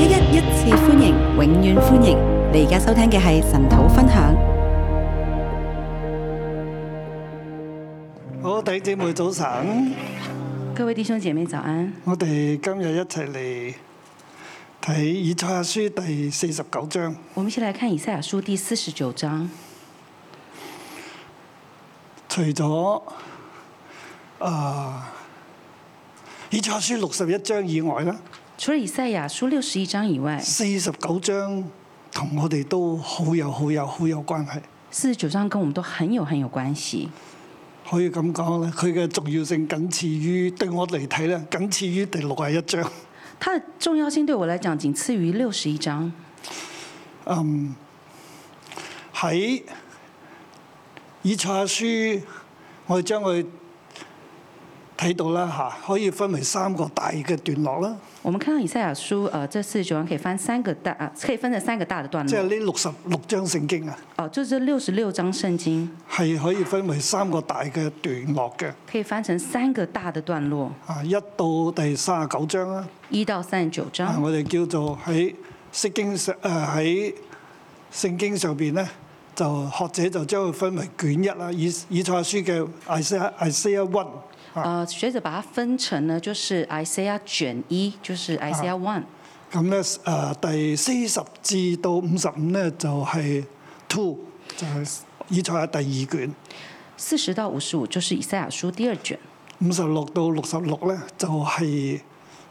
一一一次歡迎，永遠歡迎！你而家收聽嘅係神土分享。好，弟兄姐妹早晨，各位弟兄姐妹早安。我哋今日一齊嚟睇以賽亞書第四十九章。我們先來看以賽亞書第四十九章。除咗啊，以賽亞書六十一章以外咧。除了以賽亞書六十一章以外，四十九章同我哋都好有、好有、好有關係。四十九章跟我們都很有,很有、很有,很有關係，可以咁講咧。佢嘅重要性僅次於對我嚟睇咧，僅次於第六十一章。它嘅重要性對我來講僅次於六十一章。嗯，喺以賽亞書，我哋將佢。睇到啦嚇、啊，可以分為三個大嘅段落啦。我們看到以賽亞書，誒、呃，四十九章，可以分三個大、啊，可以分成三個大嘅段落。即係呢六十六章聖經啊。哦，即係六十六章聖經係可以分為三個大嘅段落嘅。可以翻成三個大嘅段落啊！一到第三十九章啦。一到三十九章。章啊、我哋叫做喺聖經、呃、經上誒喺聖經上邊咧，就學者就將佢分為卷一啦，以以賽亞書嘅 Isaiah One。誒、啊啊，學者把它分成呢，就是《Isaiah 卷一》，就是、啊《Isaiah one》。咁呢，誒，第四十至到五十五呢，就係 two，就係以賽亞第二卷。四十到五十五就是以賽亞書第二卷。五十六到六十六咧，就係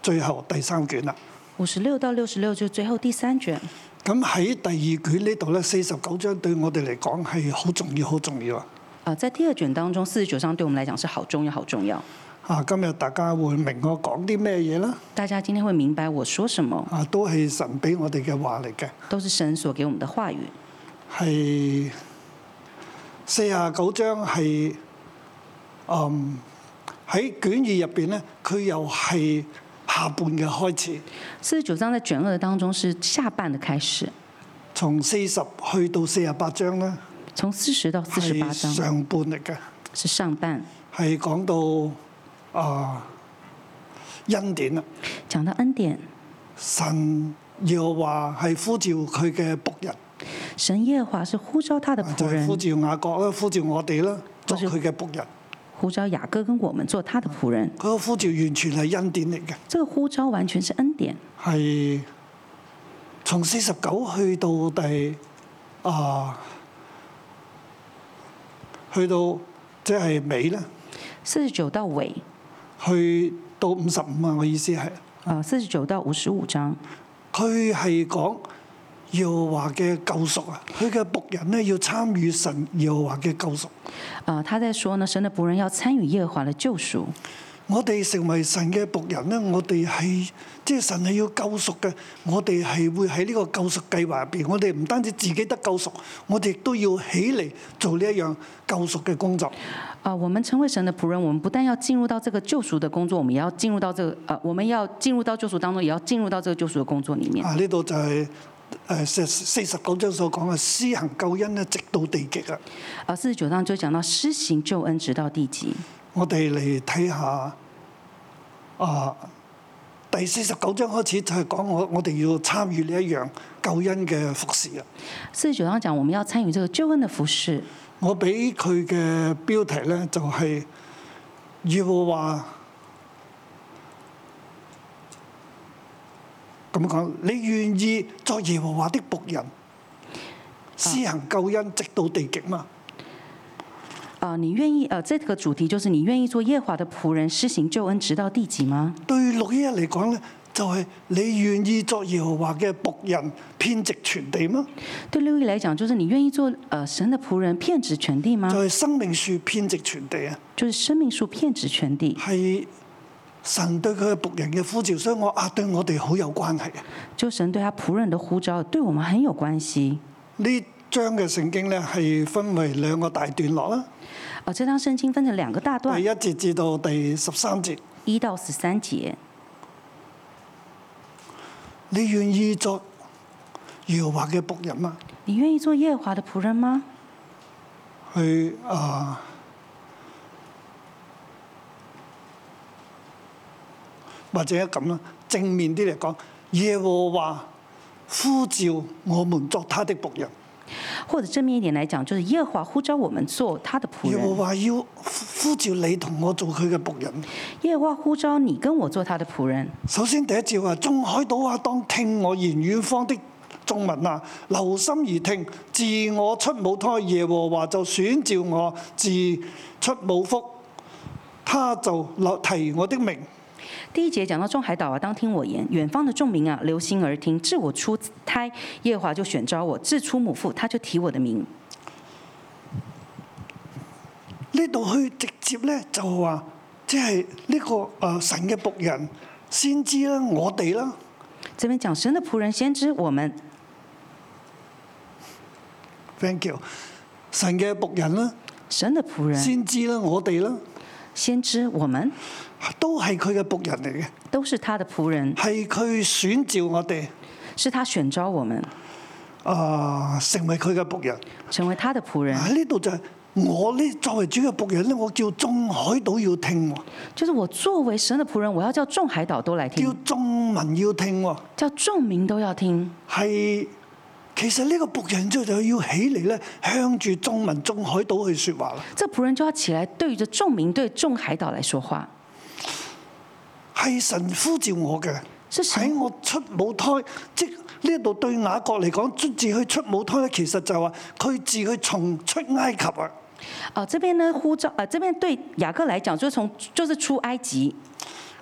最後第三卷啦。五十六到六十六就最後第三卷。咁喺第二卷呢度咧，四十九章對我哋嚟講係好重要，好重要啊！在第二卷當中，四十九章對我們來講是好重要、好重要。啊，今日大家會明我講啲咩嘢啦？大家今天會明白我說什麼？啊，都係神俾我哋嘅話嚟嘅。都是神所給我們的話語。係四十九章係，嗯喺卷二入邊呢，佢又係下半嘅開始。四十九章在卷二當中是下半嘅開始，從四十去到四十八章啦。從四十到四十八章，上半嚟嘅，是上半，係講到啊恩典啦，講到恩典，神耶華係呼召佢嘅僕人，神耶華是呼召，他的、就是、呼召，呼召是他的僕人，呼召雅各啦，呼召我哋啦，做佢嘅僕人，呼召雅各跟我們做他的僕人，嗰、啊、個呼召完全係恩典嚟嘅，即、這個呼召完全是恩典，係從四十九去到第啊。去到即係尾咧，四十九到尾。去到五十五啊！我意思係，啊四十九到五十五章，佢係講耶和華嘅救贖啊！佢嘅僕人咧，要參與神耶和華嘅救贖。啊、呃，他在說呢，神的僕人要參與耶和華的救贖。我哋成為神嘅僕人呢，我哋係即係神係要救贖嘅，我哋係會喺呢個救贖計劃入邊，我哋唔單止自己得救贖，我哋都要起嚟做呢一樣救贖嘅工作。啊，我們成為神嘅僕人，我們不但要進入到這個救贖嘅工作，我們也要進入到這個，啊，我們要進入到救贖當中，也要進入到這個救贖的工作裏面。啊，呢度就係誒四四十九章所講嘅施行救恩咧，直到地極啊。啊，四十九章就講到施行救恩，直到地極。我哋嚟睇下啊，第四十九章開始就係講我我哋要參與呢一樣救恩嘅服侍。啊。四十九章講我們要參與這個救恩嘅服侍。我畀佢嘅標題咧就係耶和華，咁講，你願意作耶和華的僕人，施行救恩直到地極嘛？啊啊、呃，你願意？啊、呃，這個主題就是你願意做耶和華的僕人，施行救恩，直到地極嗎？對六一嚟講呢，就係你願意做耶和華嘅僕人，遍植全地嗎？對六一來講，就是你願意做，誒、呃，神的僕人，遍植全地嗎？就係、是、生命樹遍植全地啊！就是生命樹遍植全地。係神對佢僕人嘅呼召，所以我啊，對我哋好有關係嘅。就神對他僕人的呼召，對我們很有關係。你。將嘅聖經咧係分為兩個大段落啦。啊、哦，這章聖經分成兩個大段。第一節至到第十三節。一到十三節。你願意做耶和華嘅僕人嗎？你願意做耶和華的僕人嗎？去啊，或者咁啦，正面啲嚟講，耶和華呼召我們作他的僕人。或者正面一點來講，就是耶和華呼召我們做他的僕人。耶和華要呼召你同我做佢嘅僕人。耶和華呼召你跟我做他的僕人。首先第一節啊，眾海島啊，當聽我言遠方的眾民啊，留心而聽。自我出母胎，耶和華就選召我，自出母腹，他就提我的名。第一節講到眾海島啊，當聽我言，遠方的眾民啊，留心而聽。自我出胎，耶和華就選召我，自出母腹，他就提我的名。呢度去直接咧就話，即係呢個誒神嘅僕人先知啦，我哋啦。這邊講神的僕人先知我們。Thank you。神嘅僕人啦。神的僕人。先知啦，我哋啦。先知我們。都係佢嘅僕人嚟嘅，都是他嘅僕人，係佢選召我哋，是他選召我們，啊、呃，成為佢嘅僕人，成為他嘅僕人。喺呢度就係我呢作為主嘅僕人咧，我叫眾海島要聽，就是我作為神嘅僕人，我要叫眾海島都嚟聽，叫眾民要聽，叫眾民都要聽。係其實呢個僕人就就要起嚟咧，向住眾民、眾海島去說話啦。這個僕人就要起來對，對着眾民對眾海島嚟說話。係神呼召我嘅，喺我出母胎，即呢一度對雅各嚟講，自去出母胎，其實就話、是、佢自去從出埃及啊。啊、哦，這邊呢呼召，啊、呃，這邊對雅各嚟講就是、從就是出埃及。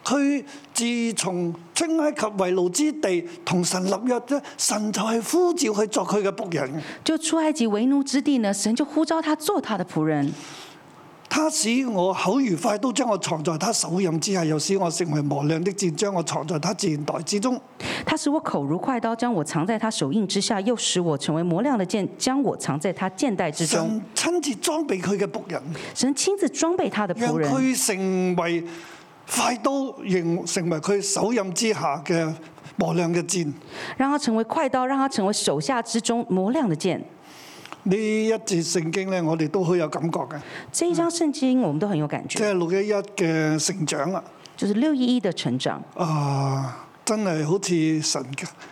佢自從出埃及為奴之地，同神立約啫，神就係呼召去作佢嘅僕人。就出埃及為奴之地呢，神就呼召他做他的僕人。他使我口如快刀，將我藏在他手印之下，又使我成為磨亮的箭，將我藏在他箭袋之中。他使我口如快刀，將我藏在他手印之下，又使我成為磨亮的箭，將我藏在他箭袋之中。神親自裝備佢嘅僕人，神親自裝備他的僕人，讓佢成為快刀，認成為佢手印之下嘅磨亮嘅箭，讓他成為快刀，讓他成為手下之中磨亮的箭。呢一節聖經咧，我哋都好有感覺嘅。呢一章聖經，我們都很有感覺。即係六一一嘅成長啊！就是六一一嘅成長。啊！真係好似神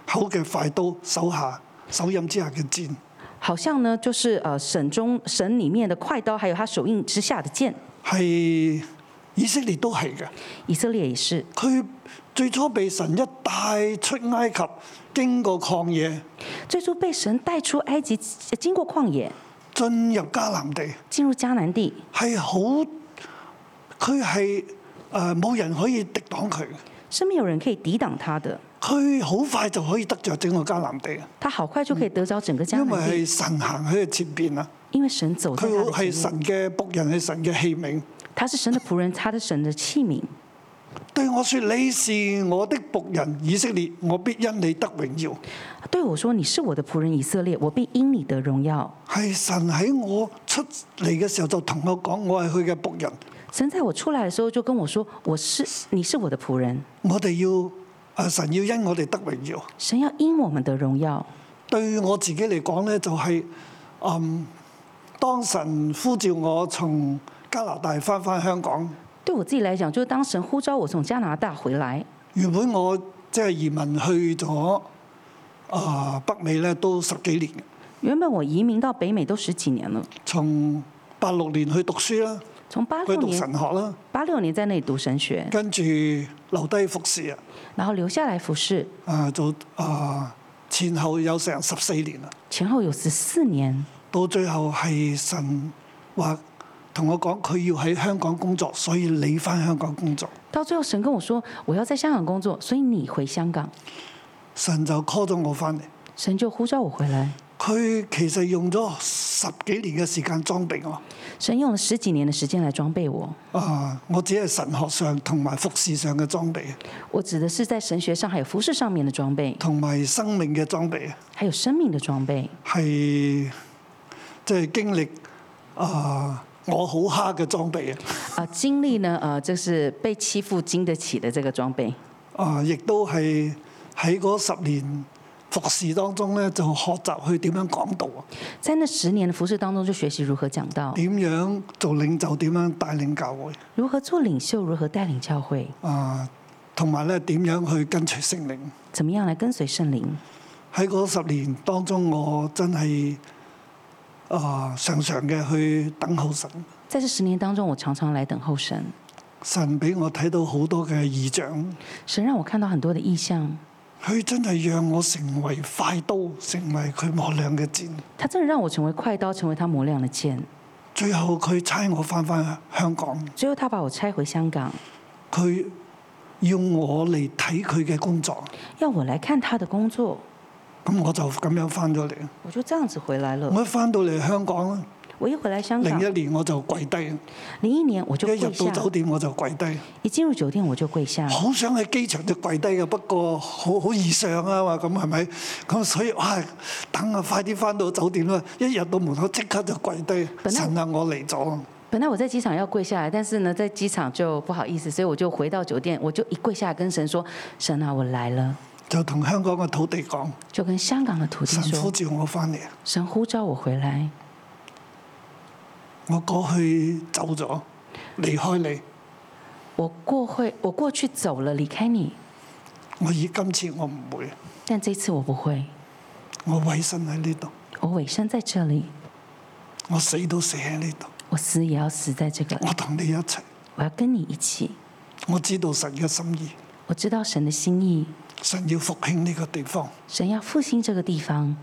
口嘅快刀手下，手印之下嘅箭，好像呢，就是呃神中神裏面嘅快刀，還有他手印之下嘅箭。係以色列都係嘅。以色列也是。佢最初被神一帶出埃及，經過曠野；最初被神帶出埃及，經過曠野，進入迦南地。進入迦南地係好，佢係誒冇人可以抵擋佢。身邊有人可以抵擋他的，佢好快就可以得着整個迦南地。他好快就可以得着整個迦南地，因為神行喺佢前邊啦。因為神走，佢係神嘅僕人，係神嘅器皿。他是神的僕人，他 是神的器皿。對我說：你是我的僕人以色列，我必因你得榮耀。對我說：你是我的僕人以色列，我必因你得榮耀。係神喺我出嚟嘅時候就同我講：我係佢嘅僕人。神在我出嚟嘅時候就跟我說：我是，你是我的僕人。我哋要誒，神要因我哋得榮耀。神要因我們的榮耀。對我自己嚟講呢就係、是、嗯，當神呼召我從加拿大翻返香港。對我自己嚟講，就是、當神呼召我從加拿大回來。原本我即係移民去咗啊、呃、北美咧，都十幾年了。原本我移民到北美都十幾年啦。從八六年去讀書啦，從八六年讀神學啦，八六年在那裡讀神學，跟住留低服侍啊，然後留下來服侍。啊，就啊，前後有成十四年啦。前後有十四年。到最後係神話同我講佢要喺香港工作，所以你翻香港工作。到最後，神跟我說我要在香港工作，所以你回香港。神就 call 咗我翻嚟。神就呼召我回來。佢其實用咗十幾年嘅時間裝備我。神用咗十幾年嘅時間嚟裝備我。啊，我只係神學上同埋服事上嘅裝備。我指的是在神學上還有服事上面嘅裝備，同埋生命嘅裝備啊，還有生命的裝備係即係經歷啊。我好蝦嘅裝備啊！啊，經歷呢、呃、就是被欺負，經得起的這個裝備。啊，亦都係喺嗰十年服侍當中咧，就學習去點樣講道啊！在那十年的服侍當中，就學習如何講道、啊，點樣做領袖，點樣帶領教會、啊，如何做領袖，如何帶領教會、啊。啊，同埋咧，點樣去跟隨聖靈？怎麼樣來跟隨聖靈？喺嗰十年當中，我真係。啊，常常嘅去等候神。在這十年當中，我常常來等候神。神俾我睇到好多嘅異象。神讓我看到很多嘅異象。佢真係讓我成為快刀，成為佢磨亮嘅箭。他真係讓我成為快刀，成為他磨亮嘅箭。最後佢拆我翻返香港。最後他把我拆回香港。佢要我嚟睇佢嘅工作。要我嚟看他的工作。咁我就咁樣翻咗嚟。我就這樣子回來了。我一翻到嚟香港，我一回來香港，零一年我就跪低。零一年我就一入到酒店我就跪低。一進入酒店我就跪下。好想喺機場就跪低嘅，不過好好異常啊嘛，咁係咪？咁所以哇、哎，等啊，快啲翻到酒店啦！一入到門口即刻就跪低。神啊，我嚟咗。本來我在機場要跪下來，但是呢，在機場就不好意思，所以我就回到酒店，我就一跪下跟神說：神啊，我來了。就同香港嘅土地講，就跟香港嘅土地說，神呼召我翻嚟。神呼召我回來，我過去走咗，離開你。我過去，我過去走了，離開你。我以今次我唔會，但這次我不會。我委身喺呢度，我委身在這裏，我死都死喺呢度，我死也要死在這個。我同你一齊，我要跟你一起。我知道神嘅心意，我知道神嘅心意。神要復興呢個地方，神要復興這個地方，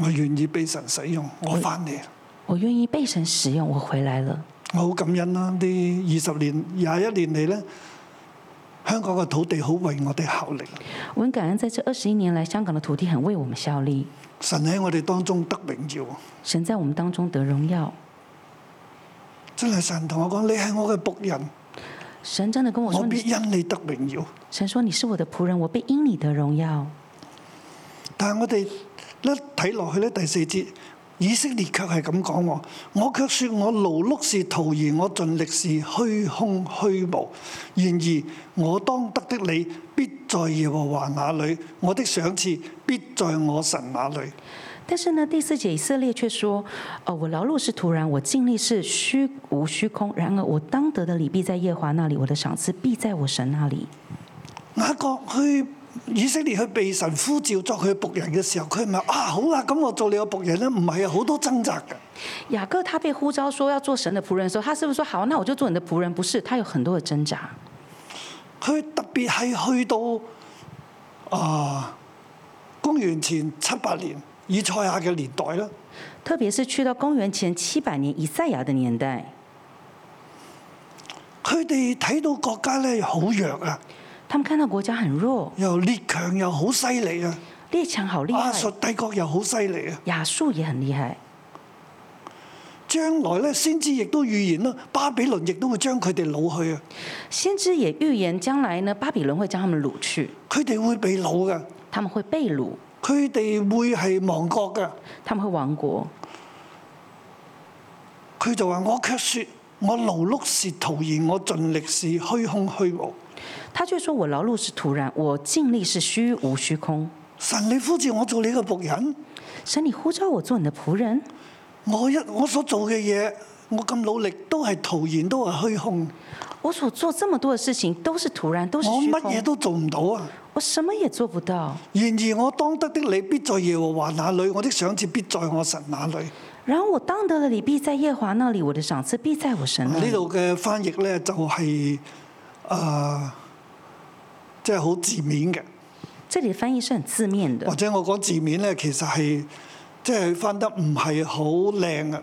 我願意被神使用，我翻嚟。我願意被神使用，我回來了。我好感恩啦！呢二十年廿一年嚟咧，香港嘅土地好為我哋效力。我感恩，在這二十一年來，香港嘅土地很為我們效力。神喺我哋當中得榮耀，神在我們當中得榮耀，真係神同我講，你係我嘅僕人。神真的跟我說：我必因你得榮耀。神說：你是我的僕人，我必因你得榮耀。但我哋一睇落去呢第四節，以色列卻係咁講：我卻說我勞碌是徒然，我盡力是虛空虛無。然而我當得的，你必在耶和華那裏；我的賞賜必在我神那裏。但是呢第四節以色列卻說：哦、呃，我勞碌是徒然，我盡力是虛無虛空。然而我當得的理必在耶華那裏，我的賞賜必在我神那裏。雅各去以色列去被神呼召作佢僕人嘅時候，佢係咪啊？好啦，咁我做你嘅僕人呢，唔係有好多掙扎嘅。雅各他被呼召說要做神的僕人的時候，他是不是說好，那我就做你的僕人？不是，他有很多嘅掙扎。佢特別係去到啊公元前七八年。以賽亞嘅年代啦，特別是去到公元前七百年以賽亞嘅年代，佢哋睇到國家咧好弱啊。他們看到國家很弱。又列強又列強好犀利啊。列強好厲害。亞述帝國又好犀利啊。亞述也很厲害。將來咧先知亦都預言咯，巴比倫亦都會將佢哋擄去啊。先知也預言將來呢，巴比倫會將他們擄去。佢哋會被擄噶。他們會被擄。佢哋會係亡國嘅。他們會亡國。佢就話：我卻説，我勞碌是徒然，我盡力是虛空虛無。他卻說，我勞碌是徒然，我盡力是虛無虛空。神，你呼召我做你嘅僕人。神，你呼召我做你嘅僕人。我一我所做嘅嘢，我咁努力都係徒然，都係虛空。我所做這麼多嘅事情，都是徒然，都是虛空。我乜嘢都做唔到啊！我什麼也做不到。然而我當得的，你必在耶和華那裏；我的賞賜必在我神那裏。然後我當得了，你必在耶和華那裏；我的賞賜必在我神那裏。呢度嘅翻譯咧、就是呃，就係誒，即係好字面嘅。即係你翻譯是很字面嘅，或者我講字面咧，其實係即係翻得唔係好靚啊。誒、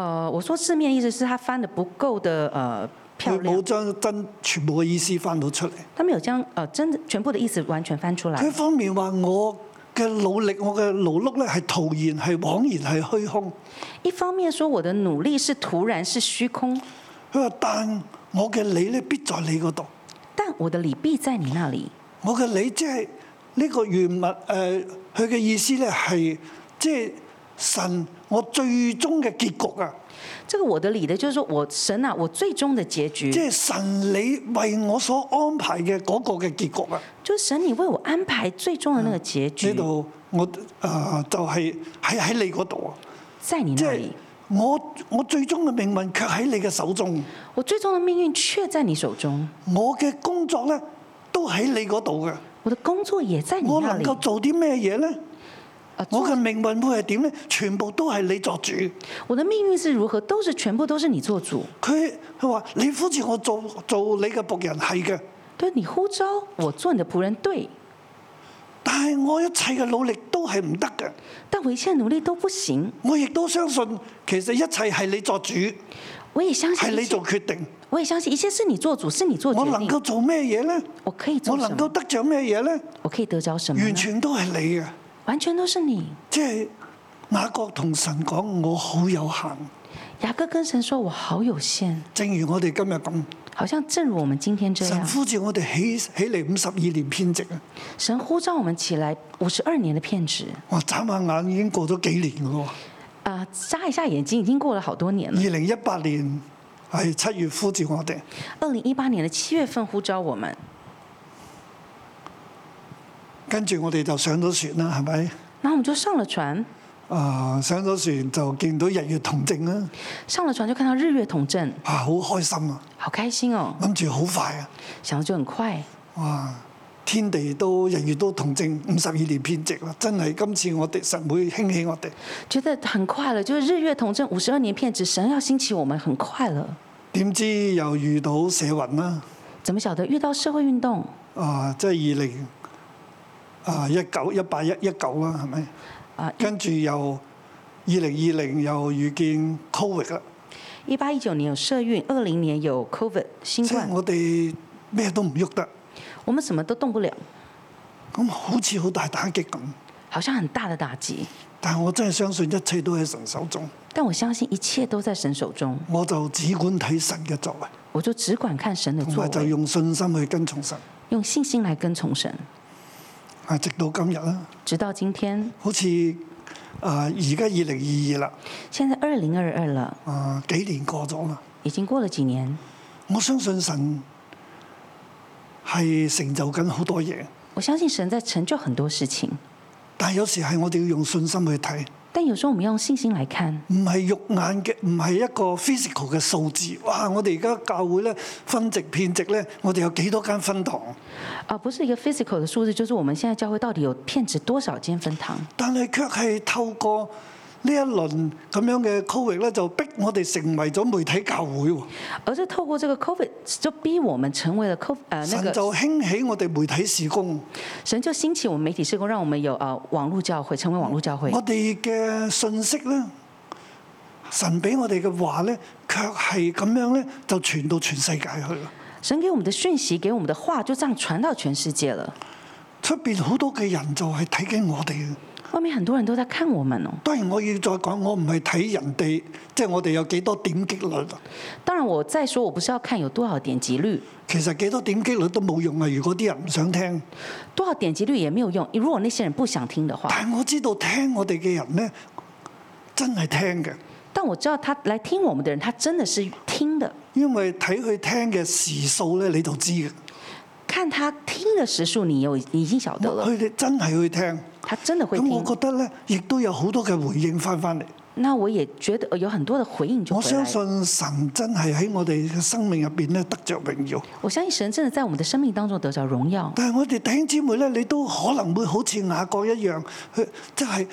呃，我說字面意思，是他翻得不夠的。誒、呃。佢冇將真全部嘅意思翻到出嚟。佢冇將，誒真全部嘅意思完全翻出嚟。佢、呃、方面話我嘅努力，我嘅勞碌咧係徒然，係枉然，係虛空。一方面說我嘅努力是徒然是虛空。但我，我嘅理咧必在你嗰度。但我的理必在你那裏。我嘅理即係呢個原物，誒、呃，佢嘅意思咧係即係神，我最終嘅結局啊！這個我的理的，就是我神啊，我最終的結局。即、就、係、是、神，你為我所安排嘅嗰個嘅結局，啊。就是、神，你為我安排最終嘅那個結局。呢、嗯、度我啊、呃，就係喺喺你嗰度啊。在你即係、就是、我，我最終嘅命運卻喺你嘅手中。我最終的命運卻在你手中。我嘅工作呢，都喺你嗰度嘅。我的工作也在你那裏。我能夠做啲咩嘢呢？我嘅命運會係點咧？全部都係你作主。我嘅命運是如何？都是全部都是你作主。佢佢話你呼召我做做你嘅僕人係嘅。對，你呼召我做你嘅僕人對。但係我一切嘅努力都係唔得嘅。但我一切努力都不行。我亦都相信其實一切係你作主。我亦相信係你做決定。我亦相信一切是你做主，是你做。我能夠做咩嘢咧？我可以。我能夠得着咩嘢咧？我可以得着什麼？完全都係你嘅！完全都是你。即係雅各同神講，我好有限。雅各跟神說我好有限。正如我哋今日咁。好像正如我們今天這樣。神呼召我哋起起嚟，五十二年編織啊！神呼召我們起來五十二年的編織。我眨下眼已經過咗幾年噶喎。Uh, 眨一下眼睛已經過咗好多年。二零一八年係哎、七月呼召我哋。二零一八年嘅七月份呼召我們。跟住我哋就上咗船啦，係咪？然後我們就上了船。啊、呃，上咗船就見到日月同正啦。上了船就看到日月同正，啊，好開心啊！好開心哦！諗住好快啊，想就很快。哇，天地都日月都同正，五十二年片直啦，真係今次我哋神會興起我哋，覺得很快了，就是日月同正五十二年片直，神要興起我們很快了。點知又遇到社運啦？怎麼曉得遇到社會運動？啊、呃，即係二零。啊！一九一八一一九啦，係咪？啊，跟住又二零二零又遇見 covid 啦。一八一九年有社運，二零年有 covid 新冠。我哋咩都唔喐得。我們什麼都動不了。咁好似好大打擊咁。好像很大的打擊。但係我真係相信一切都喺神手中。但我相信一切都在神手中。我就只管睇神嘅作為。我就只管看神嘅作為。就用信心去跟從神。用信心來跟從神。啊！直到今日啦，直到今天，好似啊，而家二零二二啦，現在二零二二了，啊、呃，幾年過咗啦，已經過了幾年。我相信神係成就緊好多嘢，我相信神在成就很多事情，但係有時係我哋要用信心去睇。但有時候我們要用信心來看，唔係肉眼嘅，唔係一個 physical 嘅數字。哇！我哋而家教會咧分值、片值咧，我哋有幾多間分堂？啊，不是一個 physical 嘅數字，就是我們現在教會到底有片值多少間分堂？但係卻係透過。呢一輪咁樣嘅 covid 咧，就逼我哋成為咗媒體教會喎。而是透過這個 covid，就逼我們成為了 covid，誒，神就興起我哋媒體事工。神就興起我們媒體事工，體事工，讓我們有誒網路教會，成為網路教會。我哋嘅信息咧，神俾我哋嘅話咧，卻係咁樣咧，就傳到全世界去。神給我們的訊息，給我們的話，就這樣傳到全世界了我們的。出邊好多嘅人就係睇緊我哋。外面很多人都在看我們哦，當然我要再講，我唔係睇人哋，即係我哋有幾多點擊率。當然我再說，我不是要看有多少點擊率。其實幾多點擊率都冇用啊！如果啲人唔想聽，多少點擊率也沒有用。如果那些人不想聽的話，但我知道聽我哋嘅人呢，真係聽嘅。但我知道他來聽我們的人，他真的是聽的。因為睇佢聽嘅時數咧，你就知嘅。看他聽嘅時數你，你又已經曉得了。佢哋真係去聽。咁、啊、我覺得咧，亦都有好多嘅回應翻翻嚟。那我也覺得有很多嘅回應就回我相信神真係喺我哋嘅生命入邊咧得着榮耀。我相信神真的在我們嘅生命當中得着榮耀。但係我哋弟兄姊妹咧，你都可能會好似雅各一樣，佢就係、是、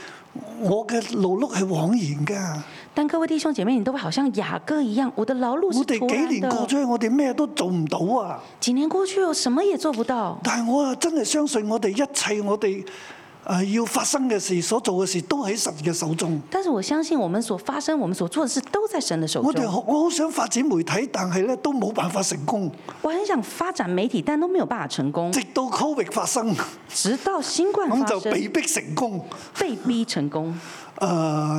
我嘅勞碌係枉然噶。但各位弟兄姐妹，你都會好像雅各一樣，我的勞碌我哋幾年過去，我哋咩都做唔到啊！幾年過去，我什麼也做不到。但係我啊，真係相信我哋一切，我哋。誒要發生嘅事，所做嘅事都喺神嘅手中。但是我相信，我們所發生、我們所做嘅事，都在神嘅手中。我哋我好想發展媒體，但係咧都冇辦法成功。我很想發展媒體，但都沒有辦法成功。直到 Covid 發生，直到新冠就被逼成功，被逼成功。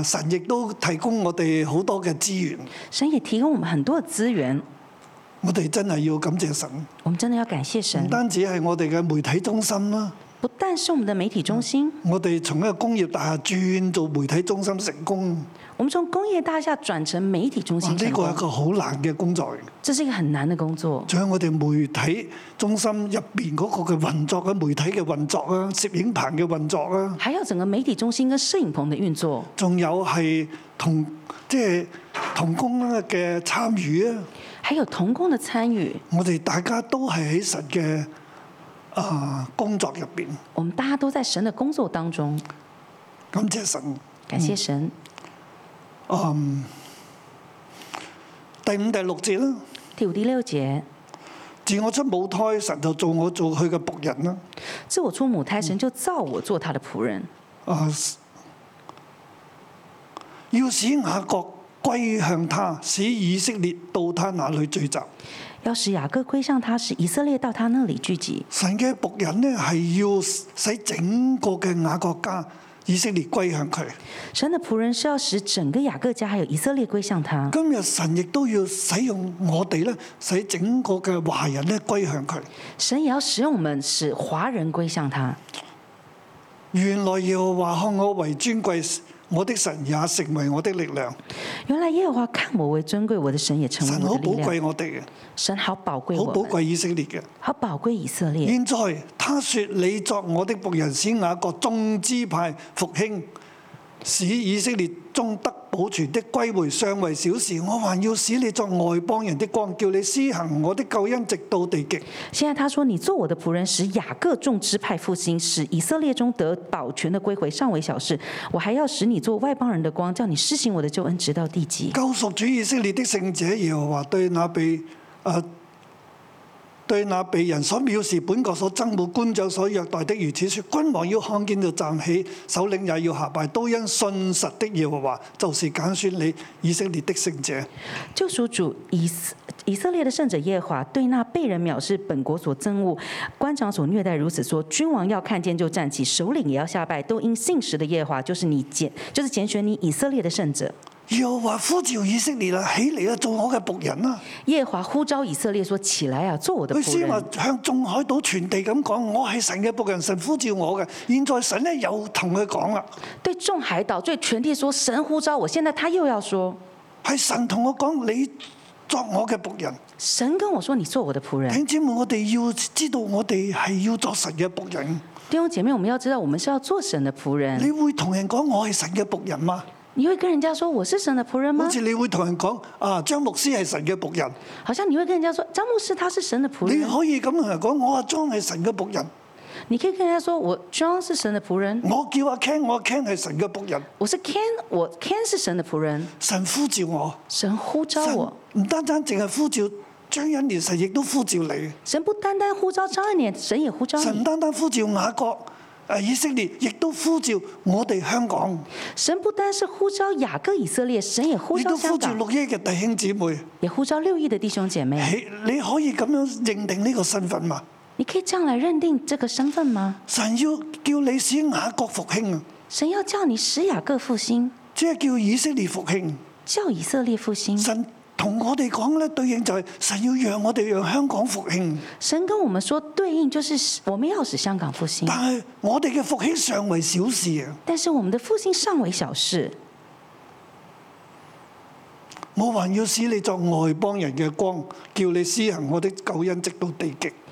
神亦都提供我哋好多嘅資源。神亦提供我們很多嘅資，資源。我哋真係要感謝神。我們真的要感謝神。唔單止係我哋嘅媒體中心啦。不但是我們的媒體中心，嗯、我哋從一個工業大廈轉做媒體中心成功。我們從工業大廈轉成媒體中心，呢、這個係一個好難嘅工作。這是一個很難的工作。仲有我哋媒體中心入邊嗰個嘅運作嘅媒體嘅運作啊，攝影棚嘅運作啊，還有整個媒體中心嘅攝影棚嘅運作。仲有係同即係同工嘅參與啊，還有同工嘅參與，我哋大家都係喺實嘅。啊、呃！工作入邊，我們大家都在神的工作當中。感謝神，感謝神。第五、第六節啦。調啲呢個自我出母胎，神就做我做佢嘅僕人啦。自我出母胎，神就造我做他的僕人。嗯呃、要使雅各歸向他，使以色列到他那裏聚集。要使雅各歸向他，使以色列到他那裏聚集。神嘅僕人咧，係要使整個嘅雅各家、以色列歸向佢。神嘅僕人需要使整個雅各家，還有以色列歸向他。今日神亦都要使用我哋咧，使整個嘅華人咧歸向佢。神也要使用我們，使華，使華人歸向他。原來要話看我為尊貴。我的神也成為我的力量。原來耶和華看我為尊貴，我的神也成為神，好寶貴，我的神好寶貴，好寶貴以色列嘅。好寶貴以色列。現在他說：你作我的僕人，使雅各眾支派復興。使以色列中得保存的歸回尚為小事，我還要使你作外邦人的光，叫你施行我的救恩直到地極。現在他說：你做我的僕人，使雅各眾支派復興，使以色列中得保全的歸回尚為小事，我還要使你做外邦人的光，叫你施行我的救恩直到地極。救贖主以色列的聖者耶和華對那被對那被人所藐視、本國所憎惡、官長所虐待的，如此說：君王要看見就站起，首領也要下拜，都因信實的耶和華，就是揀選你以色列的聖者。救贖主以色以色列的聖者耶和華，對那被人藐視、本國所憎惡、官長所虐待如此說：君王要看見就站起，首領也要下拜，都因信實的耶和華，就是你揀，就是揀選你以色列的聖者。又話呼召以色列啦，起嚟啦，做我嘅僕人啦。耶華呼召以色列說：起來啊，做我嘅僕人。佢先話向眾海島全地咁講：我係神嘅僕人，神呼召我嘅。現在神咧又同佢講啦。對眾海島、對全地說：神呼召我。現在他又要說：係神同我講，你作我嘅僕人。神跟我說：你做我嘅僕人。弟兄姐妹，我哋要知道，我哋係要做神嘅僕人。弟兄姐妹，我們要知道，我們是要做神嘅僕人。你會同人講我係神嘅僕人嗎？你會跟人家說我是神的僕人嗎？好似你會同人講啊，張牧師係神嘅僕人。好像你會跟人家說張牧師他是神的僕人。你可以咁同人講，我阿張係神嘅僕人。你可以跟人家說，我張是神嘅僕人。我叫阿 Ken，我阿 Ken 係神嘅僕人。我是 Ken，我 Ken 是神嘅僕人。神呼召我，神呼召我。唔單單淨係呼召張恩年，神亦都呼召你。神不單單呼召張恩年，神也呼召你。神不單單呼召雅各。以色列亦都呼召我哋香港。神不單是呼召雅各以色列，神也呼召香港，也呼召六億嘅弟兄姊妹，也呼召六億嘅弟兄姐妹。你，你可以咁樣認定呢個身份嗎？你可以這樣來認定這個身份嗎？神要叫你使雅各復興啊！神要叫你使雅各復興，即係叫以色列復興，叫以色列復興。同我哋講咧，對應就係神要讓我哋讓香港復興。神跟我們說，對應就是我們要使香港復興。但係我哋嘅復興尚為小事。但是我們嘅復興尚為小事。我還要使你作外邦人嘅光，叫你施行我的救恩，直到地極。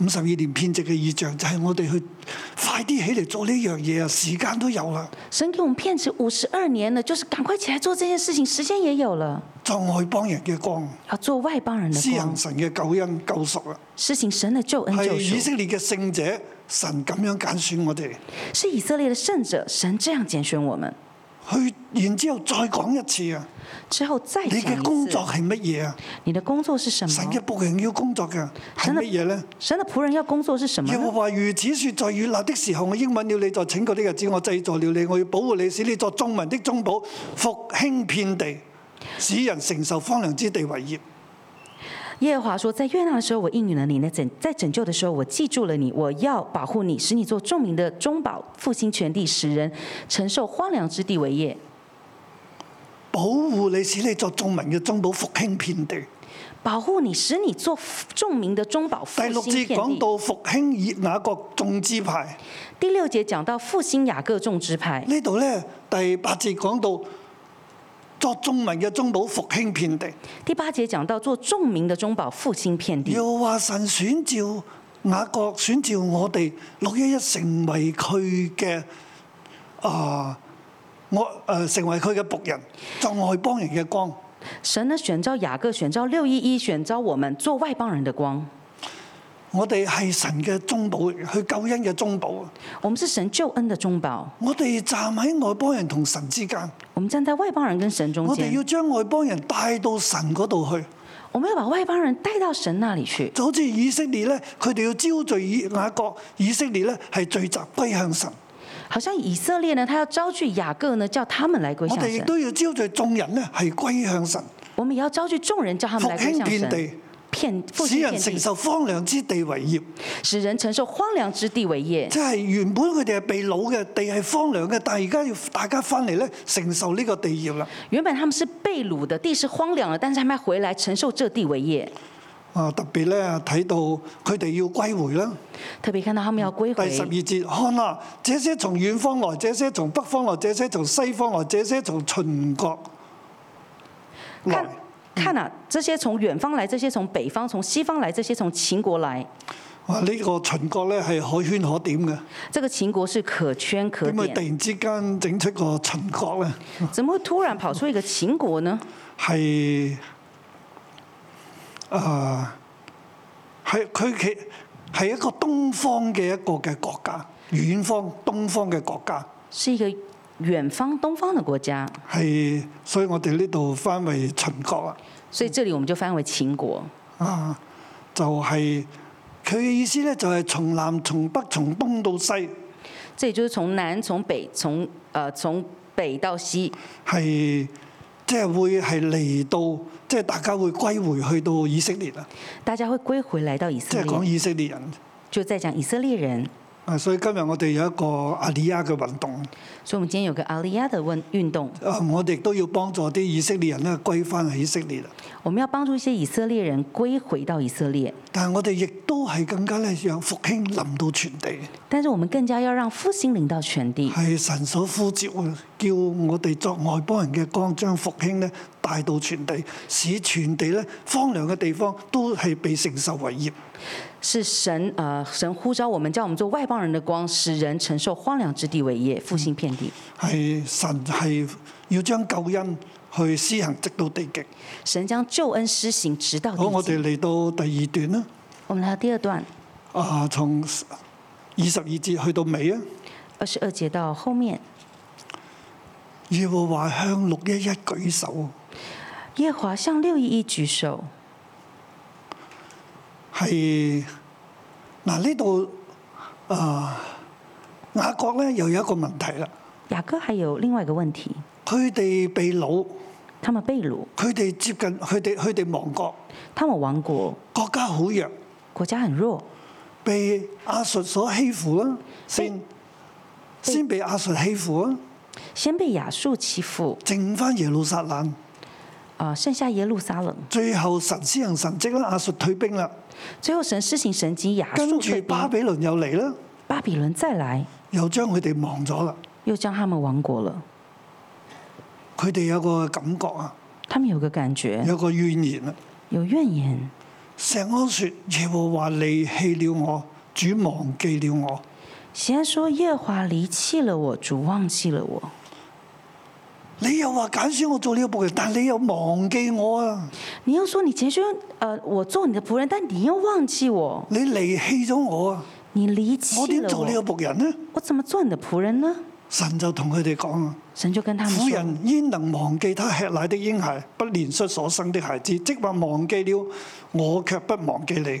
五十二年騙藉嘅異象，就係我哋去快啲起嚟做呢樣嘢啊！時間都有啦。神叫我們騙藉五十二年啦，就是趕快、就是、快起來做呢件事情，時間也有了。做外邦人嘅光，要做外邦人嘅光。施行神嘅救恩救贖啦。施行神嘅救恩救贖。係以色列嘅聖者，神咁樣揀選我哋。是以色列嘅聖者，神這樣揀選，選我們。去然之後再講一次啊！之後再講一次。你嘅工作係乜嘢啊？你的工作是什麼？神嘅僕人要工作嘅係乜嘢咧？神的僕人要工作是什麼？我話如此說，在悅納的時候，我應允了你；在拯救的日子我濟助，我記住了你。我要保護你，使你作眾民的中保，復興遍地，使人承受荒涼之地為業。耶和華說：在悅納的時候，我應允了你；在拯救的時候，我記住了你。我要保護你，使你做眾民的中保，復興全地，使人承受荒涼之地為業。保護你，使你作眾民嘅中保，復興遍地。保護你，使你作眾民嘅中保，復興遍地。第六節講到復興,興,興雅各眾支派。第六節講到復興雅各眾支派。呢度咧，第八節講到作眾民嘅中保，復興遍地。第八節講到作眾民嘅中保，復興遍地。又話神選召雅各，選召我哋，六一一成為佢嘅啊。我誒、呃、成為佢嘅僕人，做外邦人嘅光。神咧選召雅各，選召六一一，選召我們做外邦人嘅光。我哋係神嘅中保，去救恩嘅中保。我們是神救恩的中保。我哋站喺外邦人同神之間。我們站在外邦人跟神中間。我哋要將外邦人帶到神嗰度去。我們要把外邦人帶到神那裡去。就好似以色列咧，佢哋要招聚以雅各，以色列咧係聚集歸向神。好像以色列呢，他要招聚雅各呢，叫他們來歸向神。我哋亦都要招聚眾人呢，係歸向神。我們也要招聚眾人，叫他們來歸向神。使人承受荒涼之地為業，使人承受荒涼之地為業。即係原本佢哋係被擄嘅地係荒涼嘅，但係而家要大家翻嚟咧，承受呢個地業啦。原本他們是被擄的地是荒涼了，但是他們回來承受這地為業。啊！特別咧睇到佢哋要歸回啦。特別睇到後面有歸回。第十二節看啦、嗯，這些從遠方來，這些從北方來，這些從西方來，這些從秦國看，看啦、啊，這些從遠方來，這些從北方、從西方來，這些從秦國來。哇、啊！呢個秦國咧係可圈可點嘅。這個秦國是可圈可點。咁咪突然之間整出個秦國咧？ 怎麼會突然跑出一個秦國呢？係。誒係佢其係一個東方嘅一個嘅國家，遠方東方嘅國家。係一個遠方東方嘅國家。係，所以我哋呢度翻為秦國啦。所以這裡我們就翻為秦國。啊、uh, 就是，就係佢嘅意思咧，就係從南從北從東到西。即係就係從南從北從誒從北到西。係，即、就、係、是、會係嚟到。即係大家會歸回去到以色列啊，大家會歸回來到以色列。即係講以色列人，就再講以色列人。啊！所以今日我哋有一個阿利亞嘅運動，所以，我們今天有個阿利亞的運運動。啊！我哋都要幫助啲以色列人咧，歸翻喺以色列。我們要幫助一些以色列人歸回到以色列。但係我哋亦都係更加咧，讓復興臨到全地。但是，我們更加要讓復興臨到全地。係神所呼召、啊，叫我哋作外邦人嘅光，將復興咧帶到全地，使全地咧荒涼嘅地方都係被承受為業，是神啊、呃！神呼召我們叫我們做外。光人的光，使人承受荒涼之地為業，復興遍地。係神係要將救恩去施行，直到地極。神將救恩施行，直到地。好，我哋嚟到第二段啦。我哋嚟到第二段。啊，從二十二節去到尾啊。二十二節到後面。耶和華向六一一舉手。耶和華向六一一舉手。係嗱呢度。啊、uh，雅各咧又有一個問題啦。雅各還有另外一個問題。佢哋被擄，他們被擄。佢哋接近佢哋，佢哋亡國，他們亡國。國家好弱，國家很弱，被亞述所欺負啦。先被先被亞述欺負啊！先被亞述欺負，剩翻耶路撒冷。啊、呃，剩下耶路撒冷，最後神施行神蹟啦，亞述退兵啦。最後神施行神旨，亞跟住巴比倫又嚟啦，巴比倫再來，又將佢哋亡咗啦，又將他們亡國了。佢哋有個感覺啊，他們有，個感，他們有個感覺，有個怨言啦，有怨言。錫安說耶和華離棄了我，主忘記了我。先說耶和華離棄了我，主忘記了我。你又話揀選我做呢個僕人，但你又忘記我啊！你要說你傑兄，誒、呃，我做你的僕人，但你又忘記我。你離棄咗我啊！你離棄我點做呢個僕人呢？我怎麼做你的僕人呢？神就同佢哋講啊，神就跟他們說：婦人焉能忘記他吃奶的嬰孩，不憐恤所生的孩子，即或忘記了我，卻不忘記你。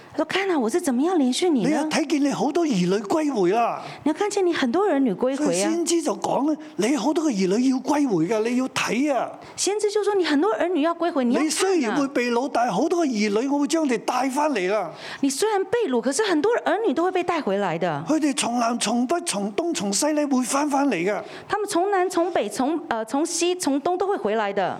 我看、啊、我是怎麼樣連續你，你要睇見你好多兒女歸回啦。你要看見你很多兒女歸回啊。先知就講啦，你好多嘅兒女要歸回嘅，你要睇啊。先知就說，你很多兒女要歸回，你、啊、你雖然會被擄，但係好多嘅兒女我會將你哋帶翻嚟啦。你雖然被擄，可是很多兒女都會被帶回來嘅。佢哋從南從北從東從西，你會翻翻嚟嘅。他們從南從北從誒從西，從，從，從，、呃、從，西從東都會回來嘅。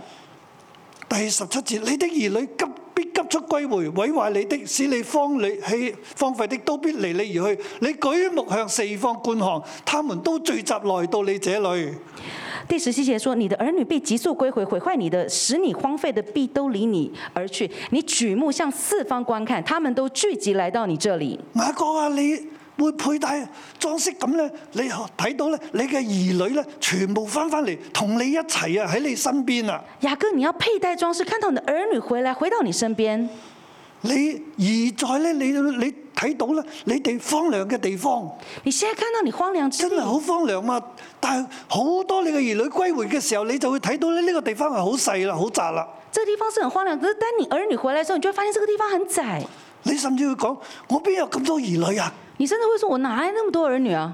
第十七節，你的兒女急。必急速歸回，毀壞你的，使你荒里棄荒廢的，都必離你而去。你舉目向四方觀看，他們都聚集來到你這裏。第十七節說：你的兒女必急速歸回，毀壞你的，使你荒廢的必都離你而去。你舉目向四方觀看，他們都聚集來到你這裏。馬哥啊，你，會佩戴裝飾咁咧，你睇到咧，你嘅兒女咧，全部翻翻嚟同你一齊啊，喺你身邊啊。雅哥，你要佩戴裝飾，看到你的兒女回來，回到你身邊。你而在咧，你你睇到咧，你地荒涼嘅地方。你現在看到你荒涼，真係好荒涼啊。但係好多你嘅兒女歸回嘅時候，你就會睇到咧，呢個地方係好細啦，好窄啦。呢個地方是很荒涼，但係你兒女回來之後，你就會發現這個地方很窄。你甚至會講：我邊有咁多兒女啊？你甚至會說，我哪有那麼多兒女啊？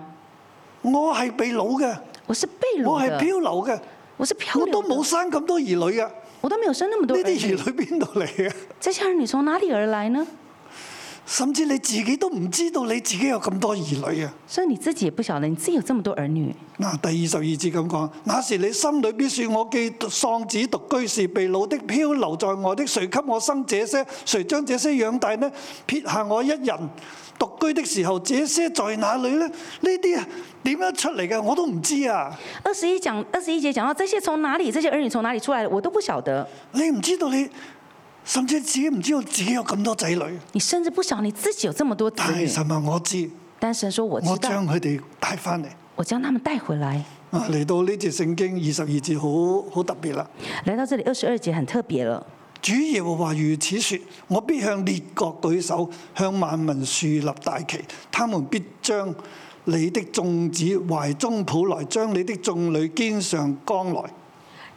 我係被擄嘅，我是被擄，我係漂流嘅，我是漂，我，是漂流，我都冇生咁多兒女嘅，我都沒有生那麼多。呢啲兒女邊度嚟嘅？這些兒女從哪裡而來呢？甚至你自己都唔知道你自己有咁多兒女啊！所以你自己也不曉得你自己有這麼多兒女、啊。嗱，第二十二節咁講，那時你心裡必說：我既喪子獨居，是被擄的，漂流在外的，誰給我生這些？誰將這些養大呢？撇下我一人。獨居的時候，這些在哪裏呢？呢啲啊，點樣出嚟嘅？我都唔知啊。二十一講二十一節講到這些從哪裡，這些兒女從哪裡出來，我都不曉得。你唔知道你，甚至自己唔知道自己有咁多仔女。你甚至不曉你自己有這麼多女。單、哎、神啊，我知。單神說：我我將佢哋帶翻嚟。我將他們帶回來。嚟、啊、到呢節聖經二十二節好好特別啦。嚟到這裡二十二節很特別了。主耶和華如此説：我必向列國舉手，向萬民樹立大旗，他們必將你的眾子懷中抱來，將你的眾女肩上扛來。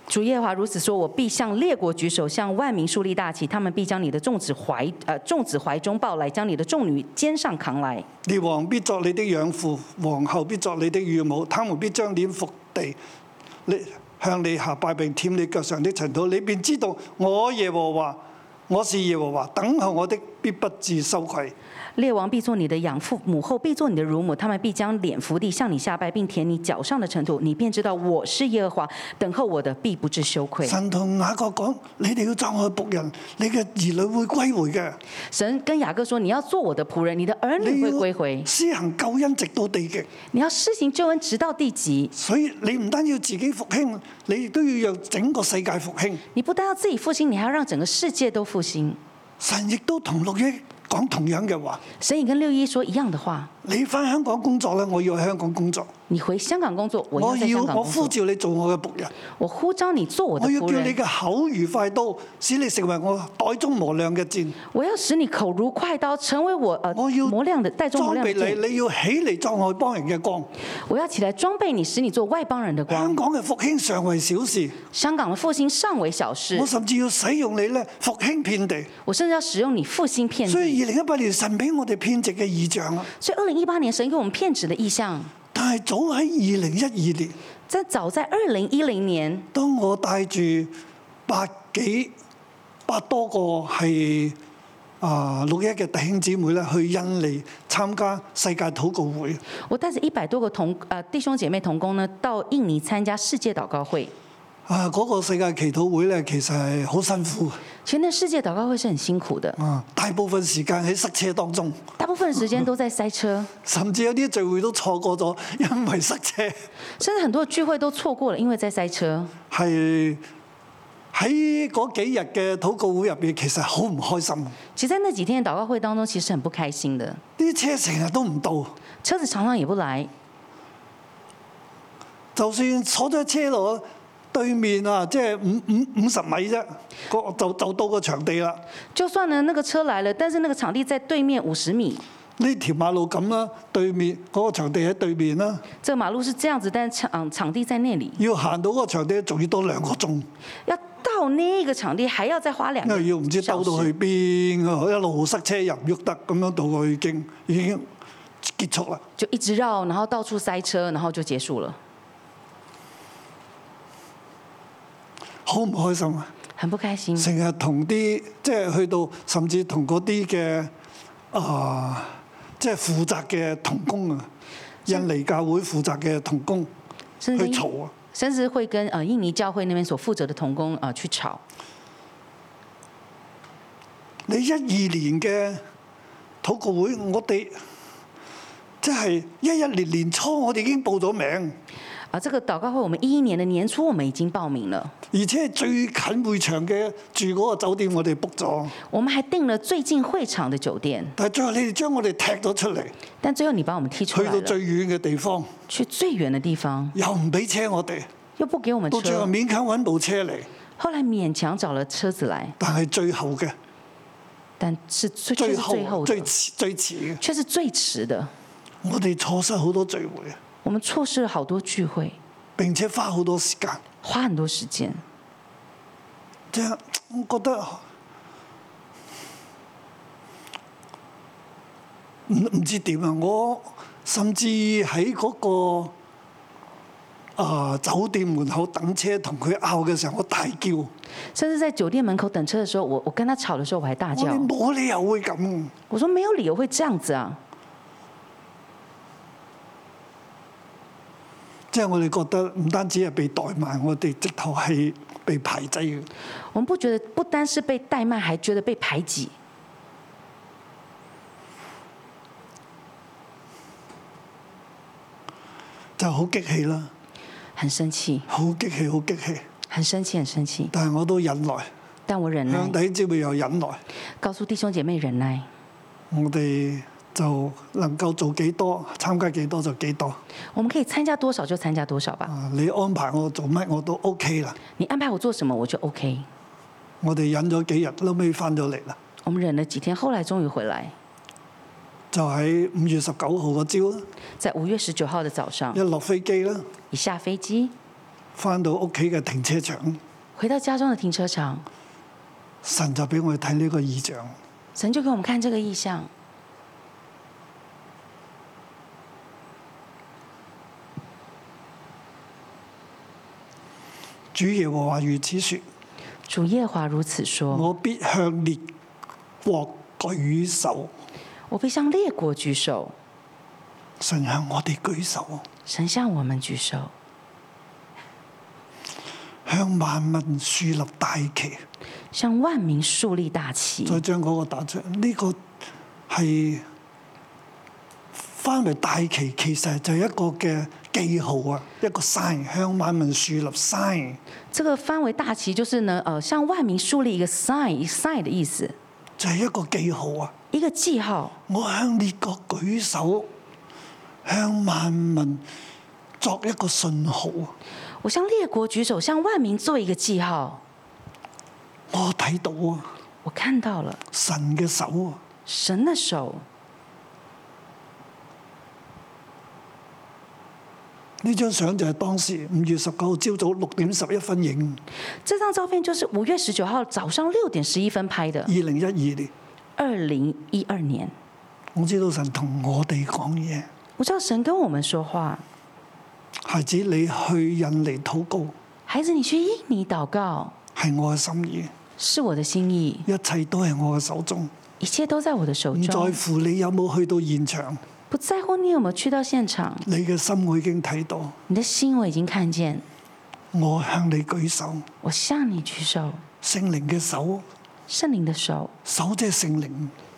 主耶和華如此説：我必向列國舉手，向萬民樹立大旗，他們必將你的眾子懷誒眾、呃、子懷中抱來，將你的眾女肩上扛來。列王必作你的養父，皇后必作你的乳母，他們必將臉伏地，你向你下拜並舔你腳上的塵土，你便知道我耶和華，我是耶和華，等候我的必不致羞愧。列王必做你的養父母后必做你的乳母，他們必將臉伏地向你下拜，並舔你腳上的塵土，你便知道我是耶和華，等候我的必不致羞愧。神同雅各講：你哋要作我僕人，你嘅兒女會歸回嘅。神跟雅各說：你要做我的僕人，你的兒女會歸回。施行救恩直到地極。你要施行救恩直到地極。所以你唔單要自己復興，你亦都要讓整個世界復興。你不單要自己復興，你還要讓整個世界都復興。神亦都同六億。講同樣嘅話，沈翊跟六一說一樣的話，你回香港工作咧，我要香港工作。你回香港工作，我要在香港工作，我要我呼召你做我嘅僕人。我呼召你做我嘅僕人。我要叫你嘅口如快刀，使你成為我袋中磨亮嘅箭。我要使你口如快刀，成為我。我要磨亮嘅袋中磨亮你，你要起嚟作外邦人嘅光。我要起來裝備你，使你做外邦人的光。香港嘅復興尚為小事。香港嘅復興尚為小事。我甚至要使用你咧，復興遍地。我甚至要使用你復興遍地。所以二零一八年神俾我哋偏執嘅意象啊！所以二零一八年神給我們偏執嘅意象。但係早喺二零一二年，即早在二零一零年，當我帶住百幾百多個係啊六一嘅弟兄姊妹咧，去印尼參加世界禱告會。我帶住一百多個同啊、呃、弟兄姐妹同工呢，到印尼參加世界禱告會。啊！嗰個世界祈禱會咧，其實係好辛苦。其實那世界禱告會是很辛苦的。嗯，大部分時間喺塞車當中。大部分時間都在塞車。甚至有啲聚會都錯過咗，因為塞車。甚至很多聚會都錯過了，因為在塞車。係喺嗰幾日嘅禱告會入邊，其實好唔開心。其實喺那幾天禱告會當中，其實很不開心的。啲車成日都唔到，車子常常也不來。就算坐咗車落。對面啊，即係五五五十米啫，就就到個場地啦。就算呢那個車來了，但是那個場地在對面五十米。呢條馬路咁啦、啊，對面嗰、那個場地喺對面啦、啊。這個、馬路是這樣子，但係場場地在那裡。要行到嗰個場地仲要多兩個鐘。要到呢個場地還要再花兩個小時。因為要唔知兜到去邊啊，一路塞車又唔郁得咁樣到去已經已經結束啦。就一直繞，然後到處塞車，然後就結束了。好唔開心啊！很不開心。成日同啲即係去到，甚至同嗰啲嘅啊，即係負責嘅同工啊，印尼教會負責嘅同工去吵啊，甚至會跟啊、呃、印尼教會嗰邊所負責嘅同工啊、呃、去吵。你一二年嘅禱告會，我哋即係一一年年初，我哋已經報咗名。啊！這個禱告會，我們一一年的年初，我們已經報名了，而且最近會場嘅住嗰個酒店，我哋 book 咗。我們還訂了最近會場的酒店。但最後你哋將我哋踢咗出嚟。但最後你把我們踢出嚟。去到最遠嘅地方。去最遠的地方。又唔俾車我哋。又不給我們車。到最後勉強搵部車嚟。後來勉強找了車子來。但係最後嘅。但最最後最後的最最的是最最後最遲最遲嘅，卻是最遲的。我哋錯失好多聚會啊！我們錯失好多聚會，並且花好多時間，花很多時間。真，我覺得唔唔知點啊！我甚至喺嗰、那個啊、呃、酒店門口等車同佢拗嘅時候，我大叫。甚至在酒店門口等車嘅時候，我我跟他吵嘅時候，我還大叫。你冇理由會咁。我說沒有理由會這樣子啊。即係我哋覺得唔單止係被怠慢，我哋直頭係被排擠嘅。我們不覺得不單是被怠慢，還覺得被排擠，就好激氣啦！很生氣，好激氣，好激氣，很生氣，很生氣。但係我都忍耐，但我忍耐。第一次未有忍耐，告訴弟兄姐妹忍耐。我哋。就能夠做幾多參加幾多就幾多。我們可以參加多少就參加多少吧。你安排我做乜我都 OK 啦。你安排我做什麼我就 OK。我哋忍咗幾日，都未翻咗嚟啦。我們忍了幾天，後來終於回來。就喺五月十九號個朝。在五月十九號嘅早上。一落飛機啦，一下飛機。翻到屋企嘅停車場。回到家中嘅停車場。神就俾我哋睇呢個意象。神就給我們看這個意象。主耶和華如此說：主耶和華如此說，我必向列國舉手，我必向列國舉手。神向我哋舉手，神向我們舉手，向萬民樹立大旗，向萬民樹立大旗。再將嗰個打出，呢、這個係翻嚟，大旗，其實就係一個嘅。記號啊，一個 sign 向萬民樹立 sign。這個翻為大旗，就是呢，呃，向萬民樹立一個 sign，sign 的意思就係一個記號啊，一個記號。我向列國舉手，向萬民作一個訊號啊。我向列國舉手，向萬民做一個記號。我睇到啊，我看到了神嘅手啊，神嘅手。呢張相就係當時五月十九號朝早六點十一分影。這張照片就是五月十九號早上六點十一分拍的。二零一二年。二零一二年。我知道神同我哋講嘢。我知道神跟我們說話。孩子，你去印尼禱告。孩子，你去印尼禱告。係我嘅心意。是我的心意。一切都喺我嘅手中。一切都在我嘅手中。在乎你有冇去到現場。不在乎你有冇去到現場，你嘅心我已經睇到，你嘅心我已經看見。我向你舉手，我向你舉手。聖靈嘅手，聖靈嘅手，手即係聖靈，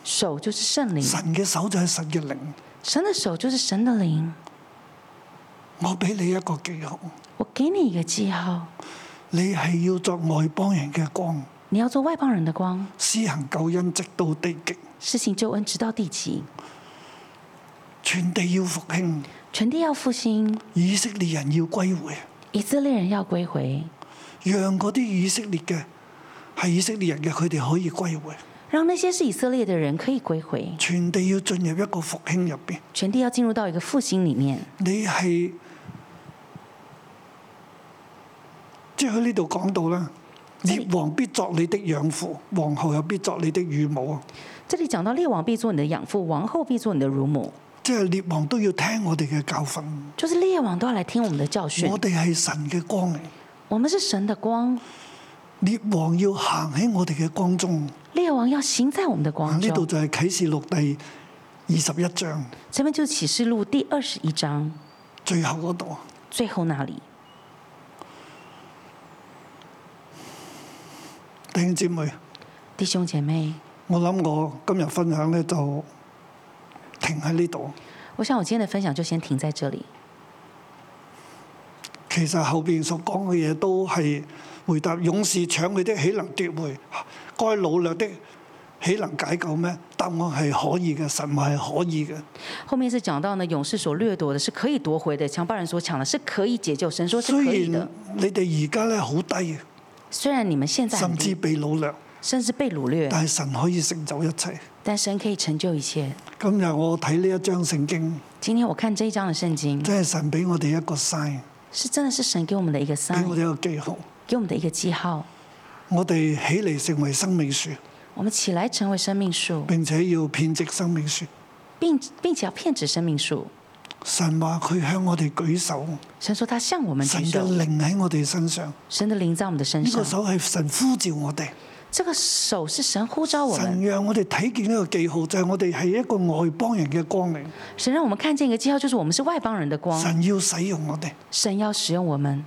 手就是聖靈。神嘅手就係神嘅靈，神嘅手就是神嘅靈。我俾你一個記號，我給你一個記號。你係要作外邦人嘅光，你要做外邦人的光。施行救恩直到地極，施行救恩直到地極。全地要復興，全地要復興，以色列人要歸回，以色列人要歸回，讓嗰啲以色列嘅係以色列人嘅，佢哋可以歸回。讓那些是以色列嘅人可以歸回。全地要進入一個復興入邊，全地要進入到一個復興裏面。你係即係喺呢度講到啦，列王必作你的養父，皇后又必作你的乳母啊。即係講到列王必做你的養父，皇后必做你的乳母。即係列王都要聽我哋嘅教訓，就是列王都要嚟聽我們嘅教訓。我哋係神嘅光，嚟，我們是神的光。列王要行喺我哋嘅光中，列王要醒在我們嘅光中。呢度就係啟示錄第二十一章，前面就啟示錄第二十一章最後嗰度，最後那裏。弟兄姐妹，弟兄姐妹，我諗我今日分享咧就。停喺呢度。我想我今天的分享就先停在這裏。其實後邊所講嘅嘢都係回答勇士搶佢的豈能奪回？該擄掠的豈能解救咩？答案係可以嘅，神係可以嘅。後面是講到呢，勇士所掠奪的是可以奪回的，強暴人所搶的是可以解救，神說是可以的。你哋而家咧好低。雖然你們現在甚至被擄掠。嗯甚至被擄掠，但係神可以成就一切。但神可以成就一切。今日我睇呢一章聖經。今天我看這一章的聖經。即係神俾我哋一個 sign。是，真的是神給我們的一個 sign。俾我哋一個記號。給我們的一個記號。我哋起嚟成為生命樹。我們起來成為生命樹，並且要編植生命樹，並並且要編植生命樹。神話佢向我哋舉手。神說他向我們舉手。神嘅靈喺我哋身上。神的靈在我們的身上。呢個手係神呼召我哋。這個手是神呼召我們，神讓我哋睇見一個記號，就係、是、我哋係一個外邦人嘅光明。神讓我們看見一個記號，就是我們是外邦人的光。神要使用我哋。神要使用我們，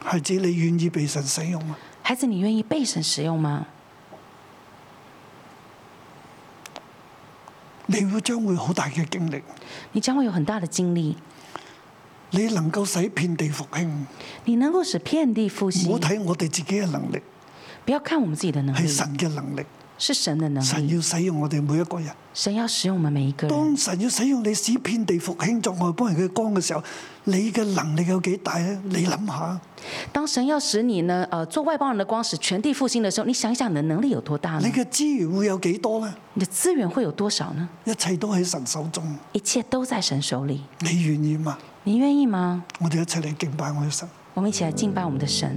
孩子，你願意被神使用嗎？孩子，你願意被神使用嗎？你會將會好大嘅經歷，你將會有很大的經歷，你能夠使遍地復興，你能夠使遍地復興。唔好睇我哋自己嘅能力。不要看我們自己的能力，係神嘅能力，是神的能力。神要使用我哋每一個人，神要使用我們每一個人。當神要使用你使遍地復興，作外邦人嘅光嘅時候，你嘅能力有幾大呢？你諗下。當神要使你呢，誒，做外邦人的光時，使全地復興嘅時候，你想一想，你能力有多大呢？你嘅資源會有幾多呢？你的資源會有多少呢？一切都喺神手中，一切都在神手裏。你願意嗎？你願意嗎？我哋一齊嚟敬拜我嘅神。我們一起來敬拜我們的神。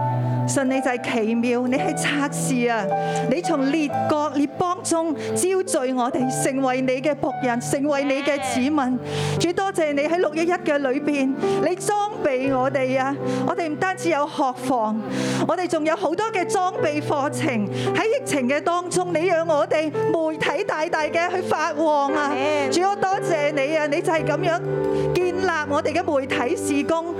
神你就係奇妙，你係測試啊！你從列國列邦中招聚我哋，成為你嘅僕人，成為你嘅子民。主，多謝你喺六一一嘅裏邊，你裝備我哋啊！我哋唔單止有學房，我哋仲有好多嘅裝備課程。喺疫情嘅當中，你讓我哋媒體大大嘅去發旺啊！主，我多謝你啊！你就係咁樣建立我哋嘅媒體事工，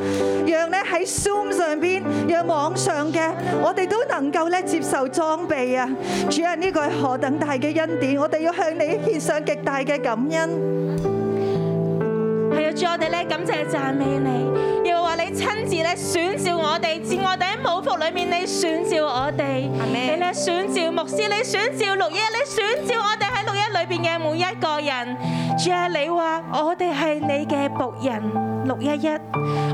讓你喺 Zoom 上邊，讓網上嘅，我哋都能夠咧接受裝備啊！主啊，呢個係何等大嘅恩典！我哋要向你獻上極大嘅感恩。係啊，主啊，我哋咧感謝讚美你，又話你親自咧選召我哋，自我哋喺舞服裏面你選召我哋，Amen. 你咧選召牧師，你選召六一一，你選召我哋喺六一裏邊嘅每一個人。主啊，你話我哋係你嘅僕人，六一一，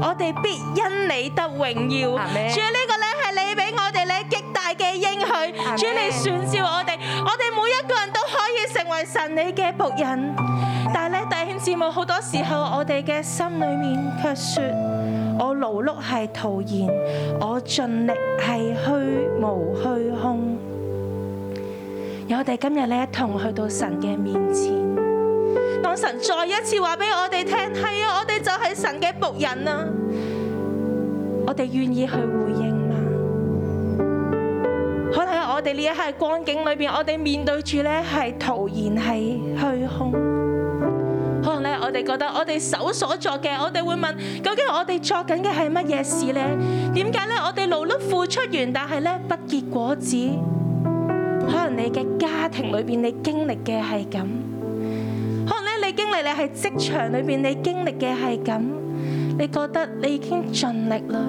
我哋必因你得榮耀。Amen. 主啊，呢個咧。俾我哋咧極大嘅應許，主你選召我哋，我哋每一個人都可以成為神你嘅僕人。但係咧弟兄姊妹，好多時候我哋嘅心裏面卻說：我勞碌係徒然，我盡力係虛無虛空。有我哋今日呢，一同去到神嘅面前，當神再一次話俾我哋聽：係啊，我哋就係神嘅僕人啊！我哋願意去回應。可能咧，我哋呢一刻光景裏邊，我哋面對住咧係徒然係虛空。可能咧，我哋覺得我哋手所作嘅，我哋會問：究竟我哋作緊嘅係乜嘢事咧？點解咧？我哋勞碌付出完，但係咧不結果子。可能你嘅家庭裏邊，你經歷嘅係咁。可能咧，你經歷你喺職場裏邊，你經歷嘅係咁。你覺得你已經盡力啦，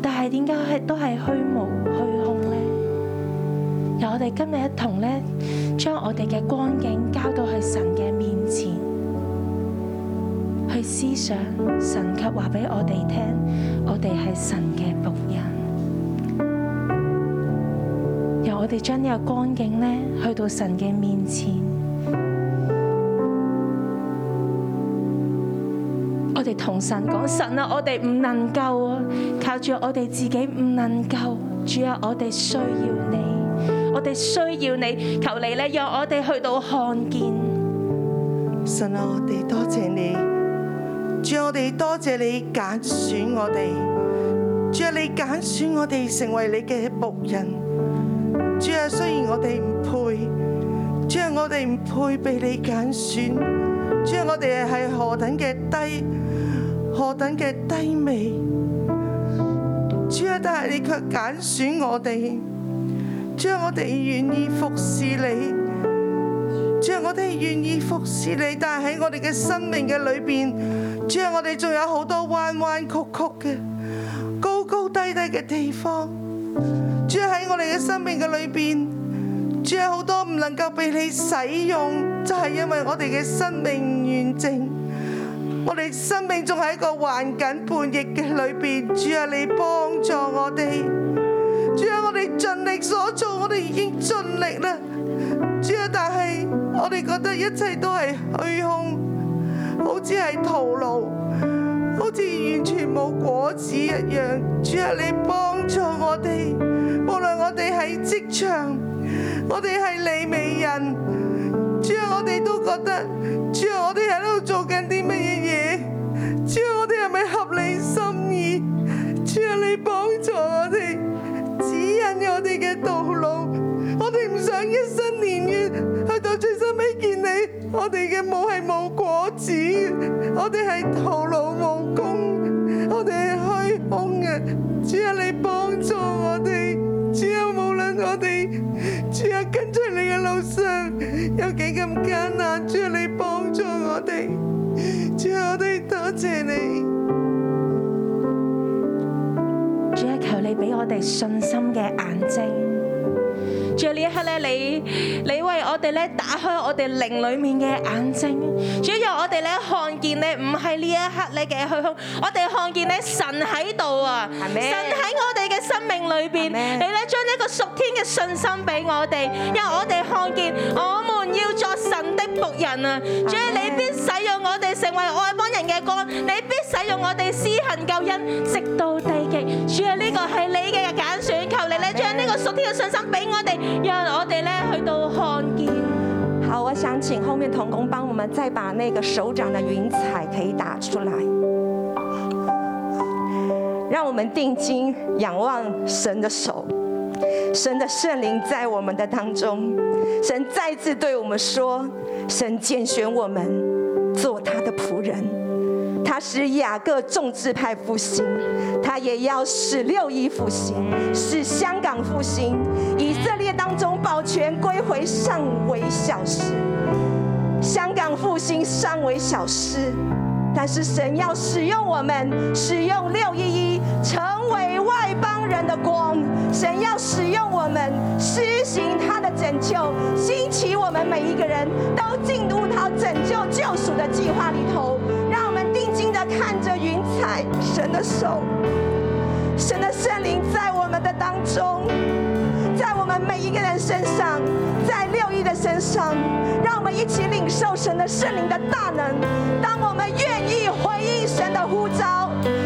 但係點解係都係虛無？我哋今日一同咧，將我哋嘅光景交到去神嘅面前，去思想神及話俾我哋聽，我哋係神嘅僕人。由我哋將呢個光景咧，去到神嘅面前，我哋同神講：神啊，我哋唔能夠啊靠住我哋自己，唔能夠，主啊，我哋需要你。我哋需要你，求你咧，讓我哋去到看見。神啊，我哋多謝你，主啊，我哋多謝你揀選我哋。主啊，你揀選我哋成為你嘅僕人。主啊，雖然我哋唔配，主啊，我哋唔配被你揀選。主啊，我哋係何等嘅低，何等嘅低微。主啊，但係你卻揀選我哋。主啊，我哋願意服侍你。主啊，我哋願意服侍你，但係喺我哋嘅生命嘅裏邊，主啊，我哋仲有好多彎彎曲曲嘅、高高低低嘅地方。主啊，喺我哋嘅生命嘅裏邊，主啊，好多唔能夠俾你使用，就係、是、因為我哋嘅生命完整，我哋生命仲喺一個患緊叛逆嘅裏邊。主啊，你幫助我哋。我哋盡力所做，我哋已經盡力啦。主啊，但係我哋覺得一切都係虛空，好似係徒勞，好似完全冇果子一樣。主啊，你幫助我哋，無論我哋喺職場，我哋係李美人，主啊，我哋都覺得，主啊，我哋喺度做緊啲乜嘢嘢？主啊，我哋係咪合你心意？主啊，你幫助我哋。我哋嘅道路，我哋唔想一生年月去到最深尾見你，我哋嘅冇係冇果子，我哋係徒勞無功，我哋係虛空嘅。只有你幫助我哋，只有無論我哋，只有跟住你嘅路上有幾咁艱難，只有你幫助我哋，只有我哋多謝你。我哋信心嘅眼睛，仲有呢一刻咧，你你為我哋咧打開我哋靈裏面嘅眼睛，主要我哋咧看見咧，唔係呢一刻你嘅虛空，我哋看見咧神喺度啊，神喺我哋嘅生命裏邊，你咧將一個屬天嘅信心俾我哋，因為我哋看見我。要作神的僕人啊！主啊，你必使用我哋成為外邦人嘅光，你必使用我哋施行救恩，直到地極。主啊，呢個係你嘅揀選，求你咧將呢個屬天嘅信心俾我哋，讓我哋咧去到看見。好啊，想請後面同工，幫我們再把那個手掌嘅雲彩可以打出來，讓我們定睛仰望神的手。神的聖靈在我們的當中，神再次對我們說：“神揀選我們做他的僕人。他使雅各眾支派復興，他也要使六一復興，使香港復興。以色列當中保全歸回尚為小事，香港復興尚為小事。但是神要使用我們，使用六一一成為外邦。”人的光，神要使用我們，施行他的拯救，興起我們每一個人都進入到拯救救贖的計劃裏頭。讓我們定睛的看着雲彩，神的手，神的聖靈在我們的當中，在我們每一個人身上，在六一的身上，讓我們一起領受神的聖靈的大能。當我們用。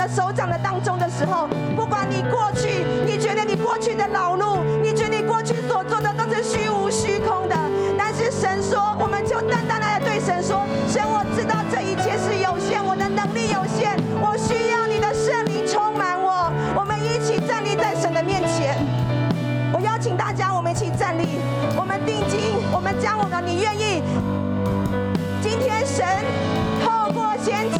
的手掌的當中的時候，不管你過去，你覺得你過去的老路，你覺得你過去所做的都是虛無虛空的。但是神說，我們就單單的對神說，神，我知道這一切是有限，我的能力有限，我需要你的聖靈充滿我。我們一起站立在神的面前。我邀請大家，我們一起站立，我們定睛，我們將我們，你願意？今天神透過先。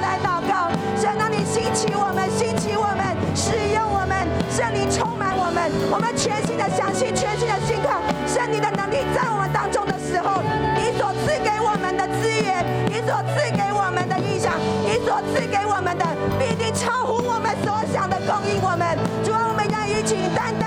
我們全心的相信，全心的信靠，是你的能力在我們當中的時候，你所賜給我們的資源，你所賜給我們的影響，你所賜給我們的必定超乎我們所想的供應我們。主要我們願意請單。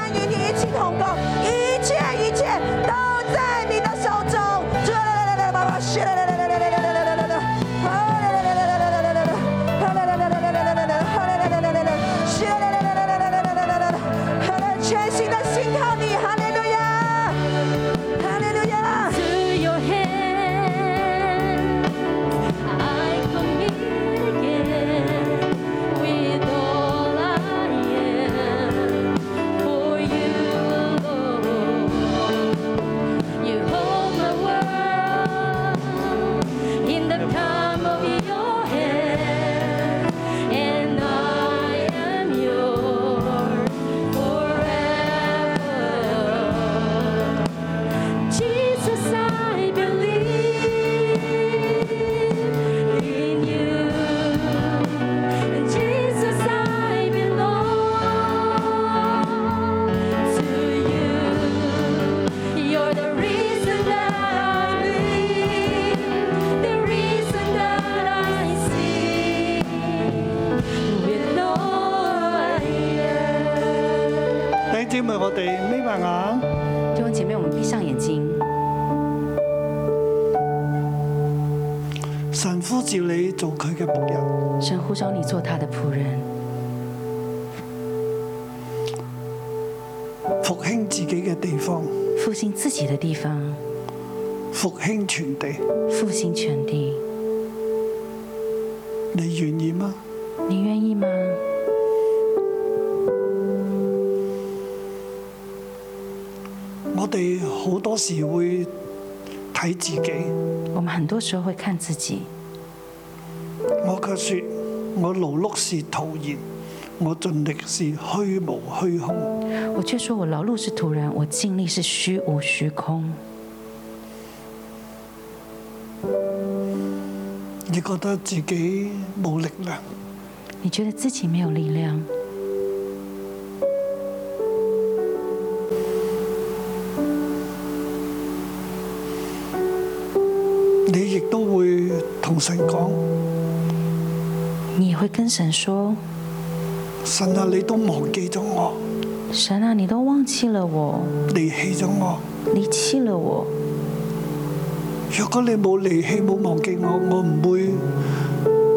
找你做他的僕人，復興自己嘅地方，復興自己的地方，復興全地，復興全地，你願意嗎？你願意嗎？我哋好多時會睇自己，我們很多時候會看自己，我卻說。我勞碌是徒然，我盡力是虛無虛空。我卻說我勞碌是徒然，我盡力是虛無虛空。你覺得自己冇力量？你覺得自己沒有力量？你亦都會同神講。你會跟神說：神啊，你都忘記咗我。神啊，你都忘記了我，離棄咗我，離棄了我。如果你冇離棄冇忘記我，我唔會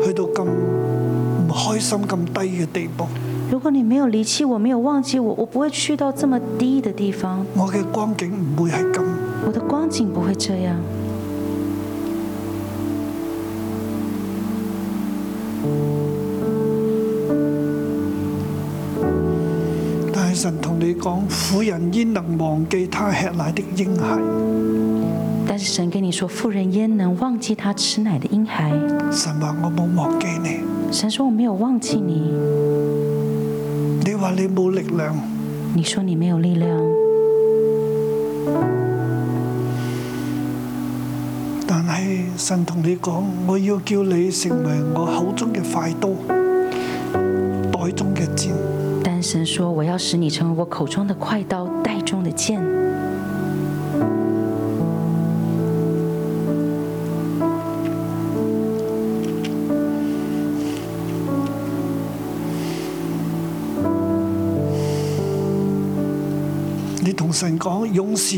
去到咁唔開心咁低嘅地步。如果你沒有離棄我，我沒有忘記我，我不會去到這麼低的地方。我嘅光景唔會係咁。我的光景不會這樣。神同你講：婦人焉能忘記他吃奶的嬰孩？但是神跟你說：婦人焉能忘記他吃奶的嬰孩？神話我冇忘記你。神說：我沒有忘記你。你話你冇力量。你說你沒有力量。但係神同你講：我要叫你成為我口中嘅快刀。神說：“我要使你成為我口中的快刀，袋中的劍。”你同神講：“勇士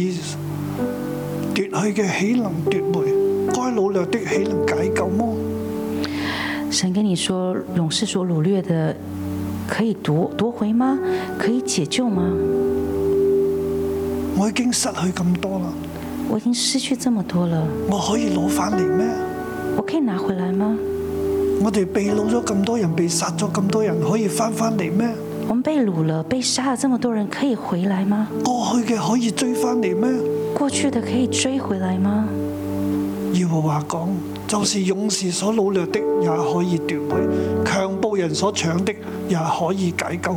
奪去嘅，豈能奪回？該擄掠的，豈能解救嗎？”神跟你說：“勇士所擄掠的。”可以奪奪回嗎？可以解救嗎？我已經失去咁多啦，我已經失去這麼多了，我可以攞翻嚟咩？我可以拿回來嗎？我哋被擄咗咁多人，被殺咗咁多人，可以翻翻嚟咩？我們被擄了、被殺了這麼多人，可以回來嗎？過去嘅可以追翻嚟咩？過去的可以追回來嗎？耶和華講，就是勇士所擄掠的，也可以奪回。人所搶的也可以解救。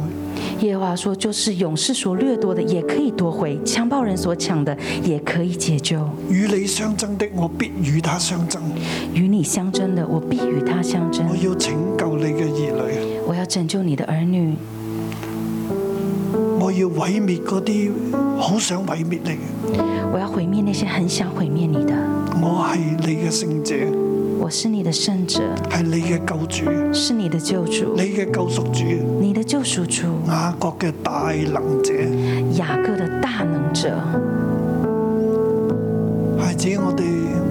耶華說：就是勇士所掠奪的也可以奪回，強暴人所搶的也可以解救。與你相爭的，我必與他相爭；與你相爭的，我必與他相爭。我要拯救你的兒女。我要毀滅嗰啲好想毀滅你，我要毀滅那些很想毀滅你的。我係你嘅聖者。我是你的聖者，是你的救主，是你的救主，你嘅救贖主，你的救贖主，雅各嘅大能者，雅各的大能者。孩子，我哋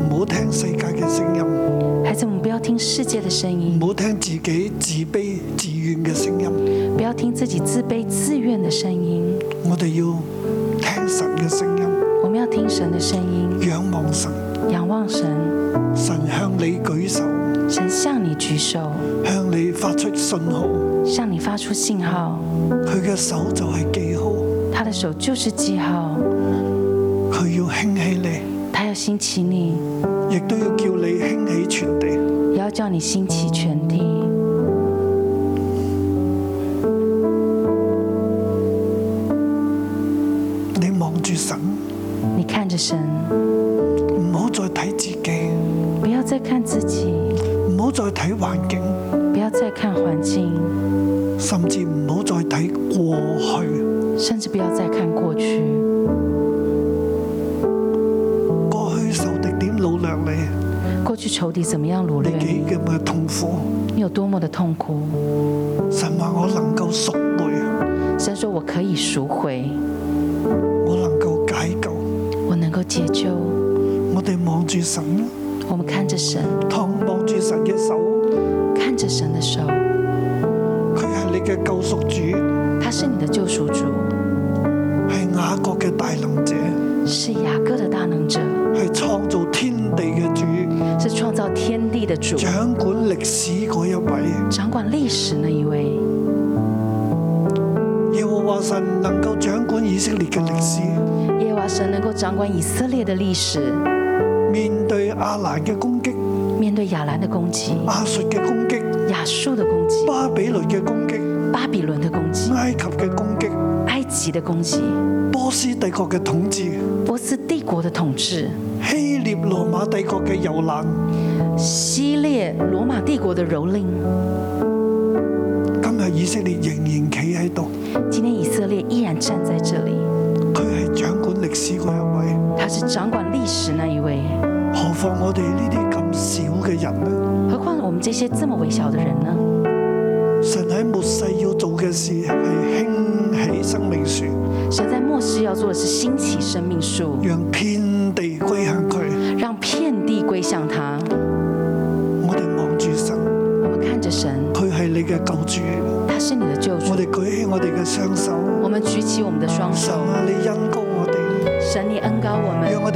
唔好聽世界嘅聲音。孩子，我們不要聽世界的聲音，唔好聽自己自卑自怨嘅聲音，不要聽自己自卑自怨的聲音。我哋要聽神嘅聲音。我們要聽神的聲音，仰望神。仰望神，神向你舉手，神向你舉手，向你發出信號，向你發出信號。佢嘅手就係記號，他的手就是記號。佢要興起你，他要興起你，亦都要叫你興起全地，要叫你興起全地。到底怎麼樣努力你痛苦？你有多麼的痛苦？神話我能夠贖回。神說我可以贖回。我能夠解救。我能夠解救。我哋望住神。我們看着神。同望住神嘅手。看着神的手。佢係你嘅救贖主。他是你的救贖主。係雅各嘅大能者。是雅各的大能者。係創造天。地嘅主，是創造天地嘅主，掌管歷史嗰一位，掌管歷史那一位。耶和華神能夠掌管以色列嘅歷史。耶和華神能夠掌管以色列嘅歷史。面對亞蘭嘅攻擊，面對亞蘭嘅攻擊，亞述嘅攻擊，亞述嘅攻擊，巴比倫嘅攻擊，巴比倫嘅攻擊，埃及嘅攻擊，埃及的攻擊，波，波斯帝國嘅統治，波斯帝國嘅統治。列羅馬帝國嘅蹂躪，撕裂羅馬帝國嘅蹂躪。今日以色列仍然企喺度，今天以色列依然站在這裏。佢係掌管歷史嗰一位，他是掌管歷史那一位。何況我哋呢啲咁小嘅人呢？何況我們這些這麼微小嘅人呢？神喺末世要做嘅事係興起生命樹，神在末世要做嘅是，是興起生命樹。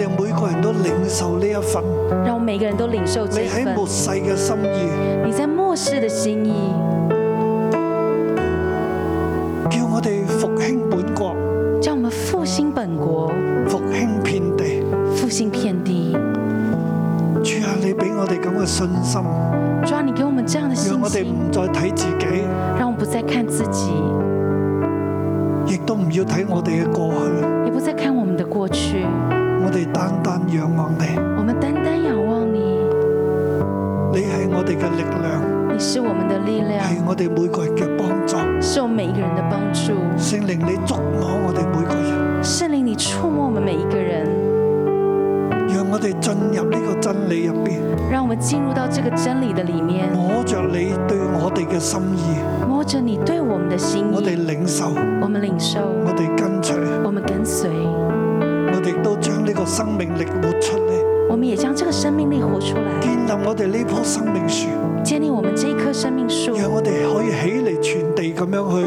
讓每個人都領受呢一份，讓每個人都領受。你喺末世嘅心意，你在末世嘅心意，叫我哋復興本國，叫我們復興本國，復興遍地，復興遍地。主啊，你俾我哋咁嘅信心，主啊，你給我們這樣的信心，我哋唔再睇自己，讓我不再看自己，亦都唔要睇我哋嘅過去，也不再看我們的過去。我哋單單仰望你，我們單單仰望你。你係我哋嘅力量，你是我們的力量，係我哋每個人嘅幫助，是我們每一個人的幫助。聖靈你觸摸我哋每個人，聖靈你觸摸我們每一個人，讓我哋進入呢個真理入邊，讓我們進入到這個真理的裏面。摸着你對我哋嘅心意，摸着你對我們的心意，我哋領受，我們領受，我哋跟隨，我們跟隨。亦都將呢個生命力活出嚟，我們也將這個生命力活出來，建立我哋呢棵生命樹，建立我們這一棵生命樹，讓我哋可以起嚟全地咁樣去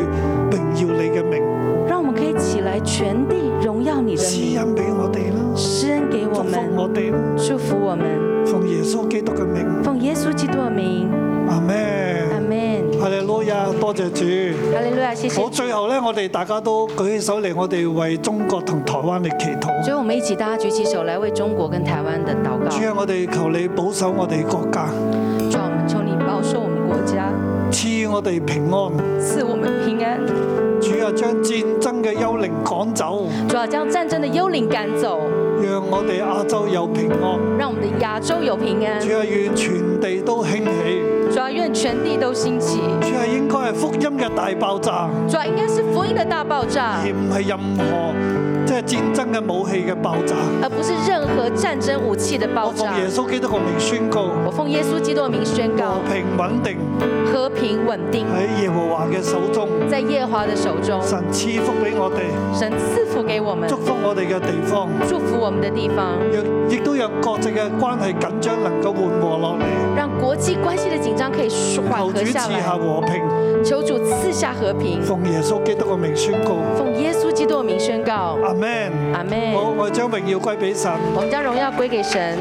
榮耀你嘅名，讓我們可以起來全地榮耀你的名，施恩俾我哋啦，施恩給我們，祝福我哋，祝福我們，奉耶穌基督嘅名，奉耶穌基督嘅名，阿門。阿利亞，多謝主。阿利亞，謝謝。好，最後咧，我哋大家都舉起手嚟，我哋為中國同台灣嚟祈禱。所以，我們一起大家舉起手嚟為中國跟台灣的禱告。主啊，我哋求你保守我哋國家。主啊，我們求你保守我們國家。賜我哋平安。賜我們平安。主啊，將戰爭嘅幽靈趕走。主啊，將戰爭嘅幽靈趕走。讓我哋亞洲有平安。讓我們的亞洲有平安。主啊，願全地都興起。全地都興起，係應該係福音嘅大爆炸。係應該係福音嘅大爆炸，而唔係任何。戰爭嘅武器嘅爆炸，而不是任何戰爭武器嘅爆炸。我奉耶穌基督個名宣告，我奉耶穌基督個名宣告和平穩定，和平穩定喺耶和華嘅手中，在耶華的手中，神賜福俾我哋，神賜福給我們，祝福我哋嘅地方，祝福我們的地方，亦亦都有國際嘅關係緊張能夠緩和落嚟，讓國際關係的緊張可以緩和下來。求主賜下和平，求主賜下和平。奉耶穌基督個名宣告，奉耶穌。基督名宣告，阿門，阿門好，我將榮耀歸俾神。我們將榮耀歸給神。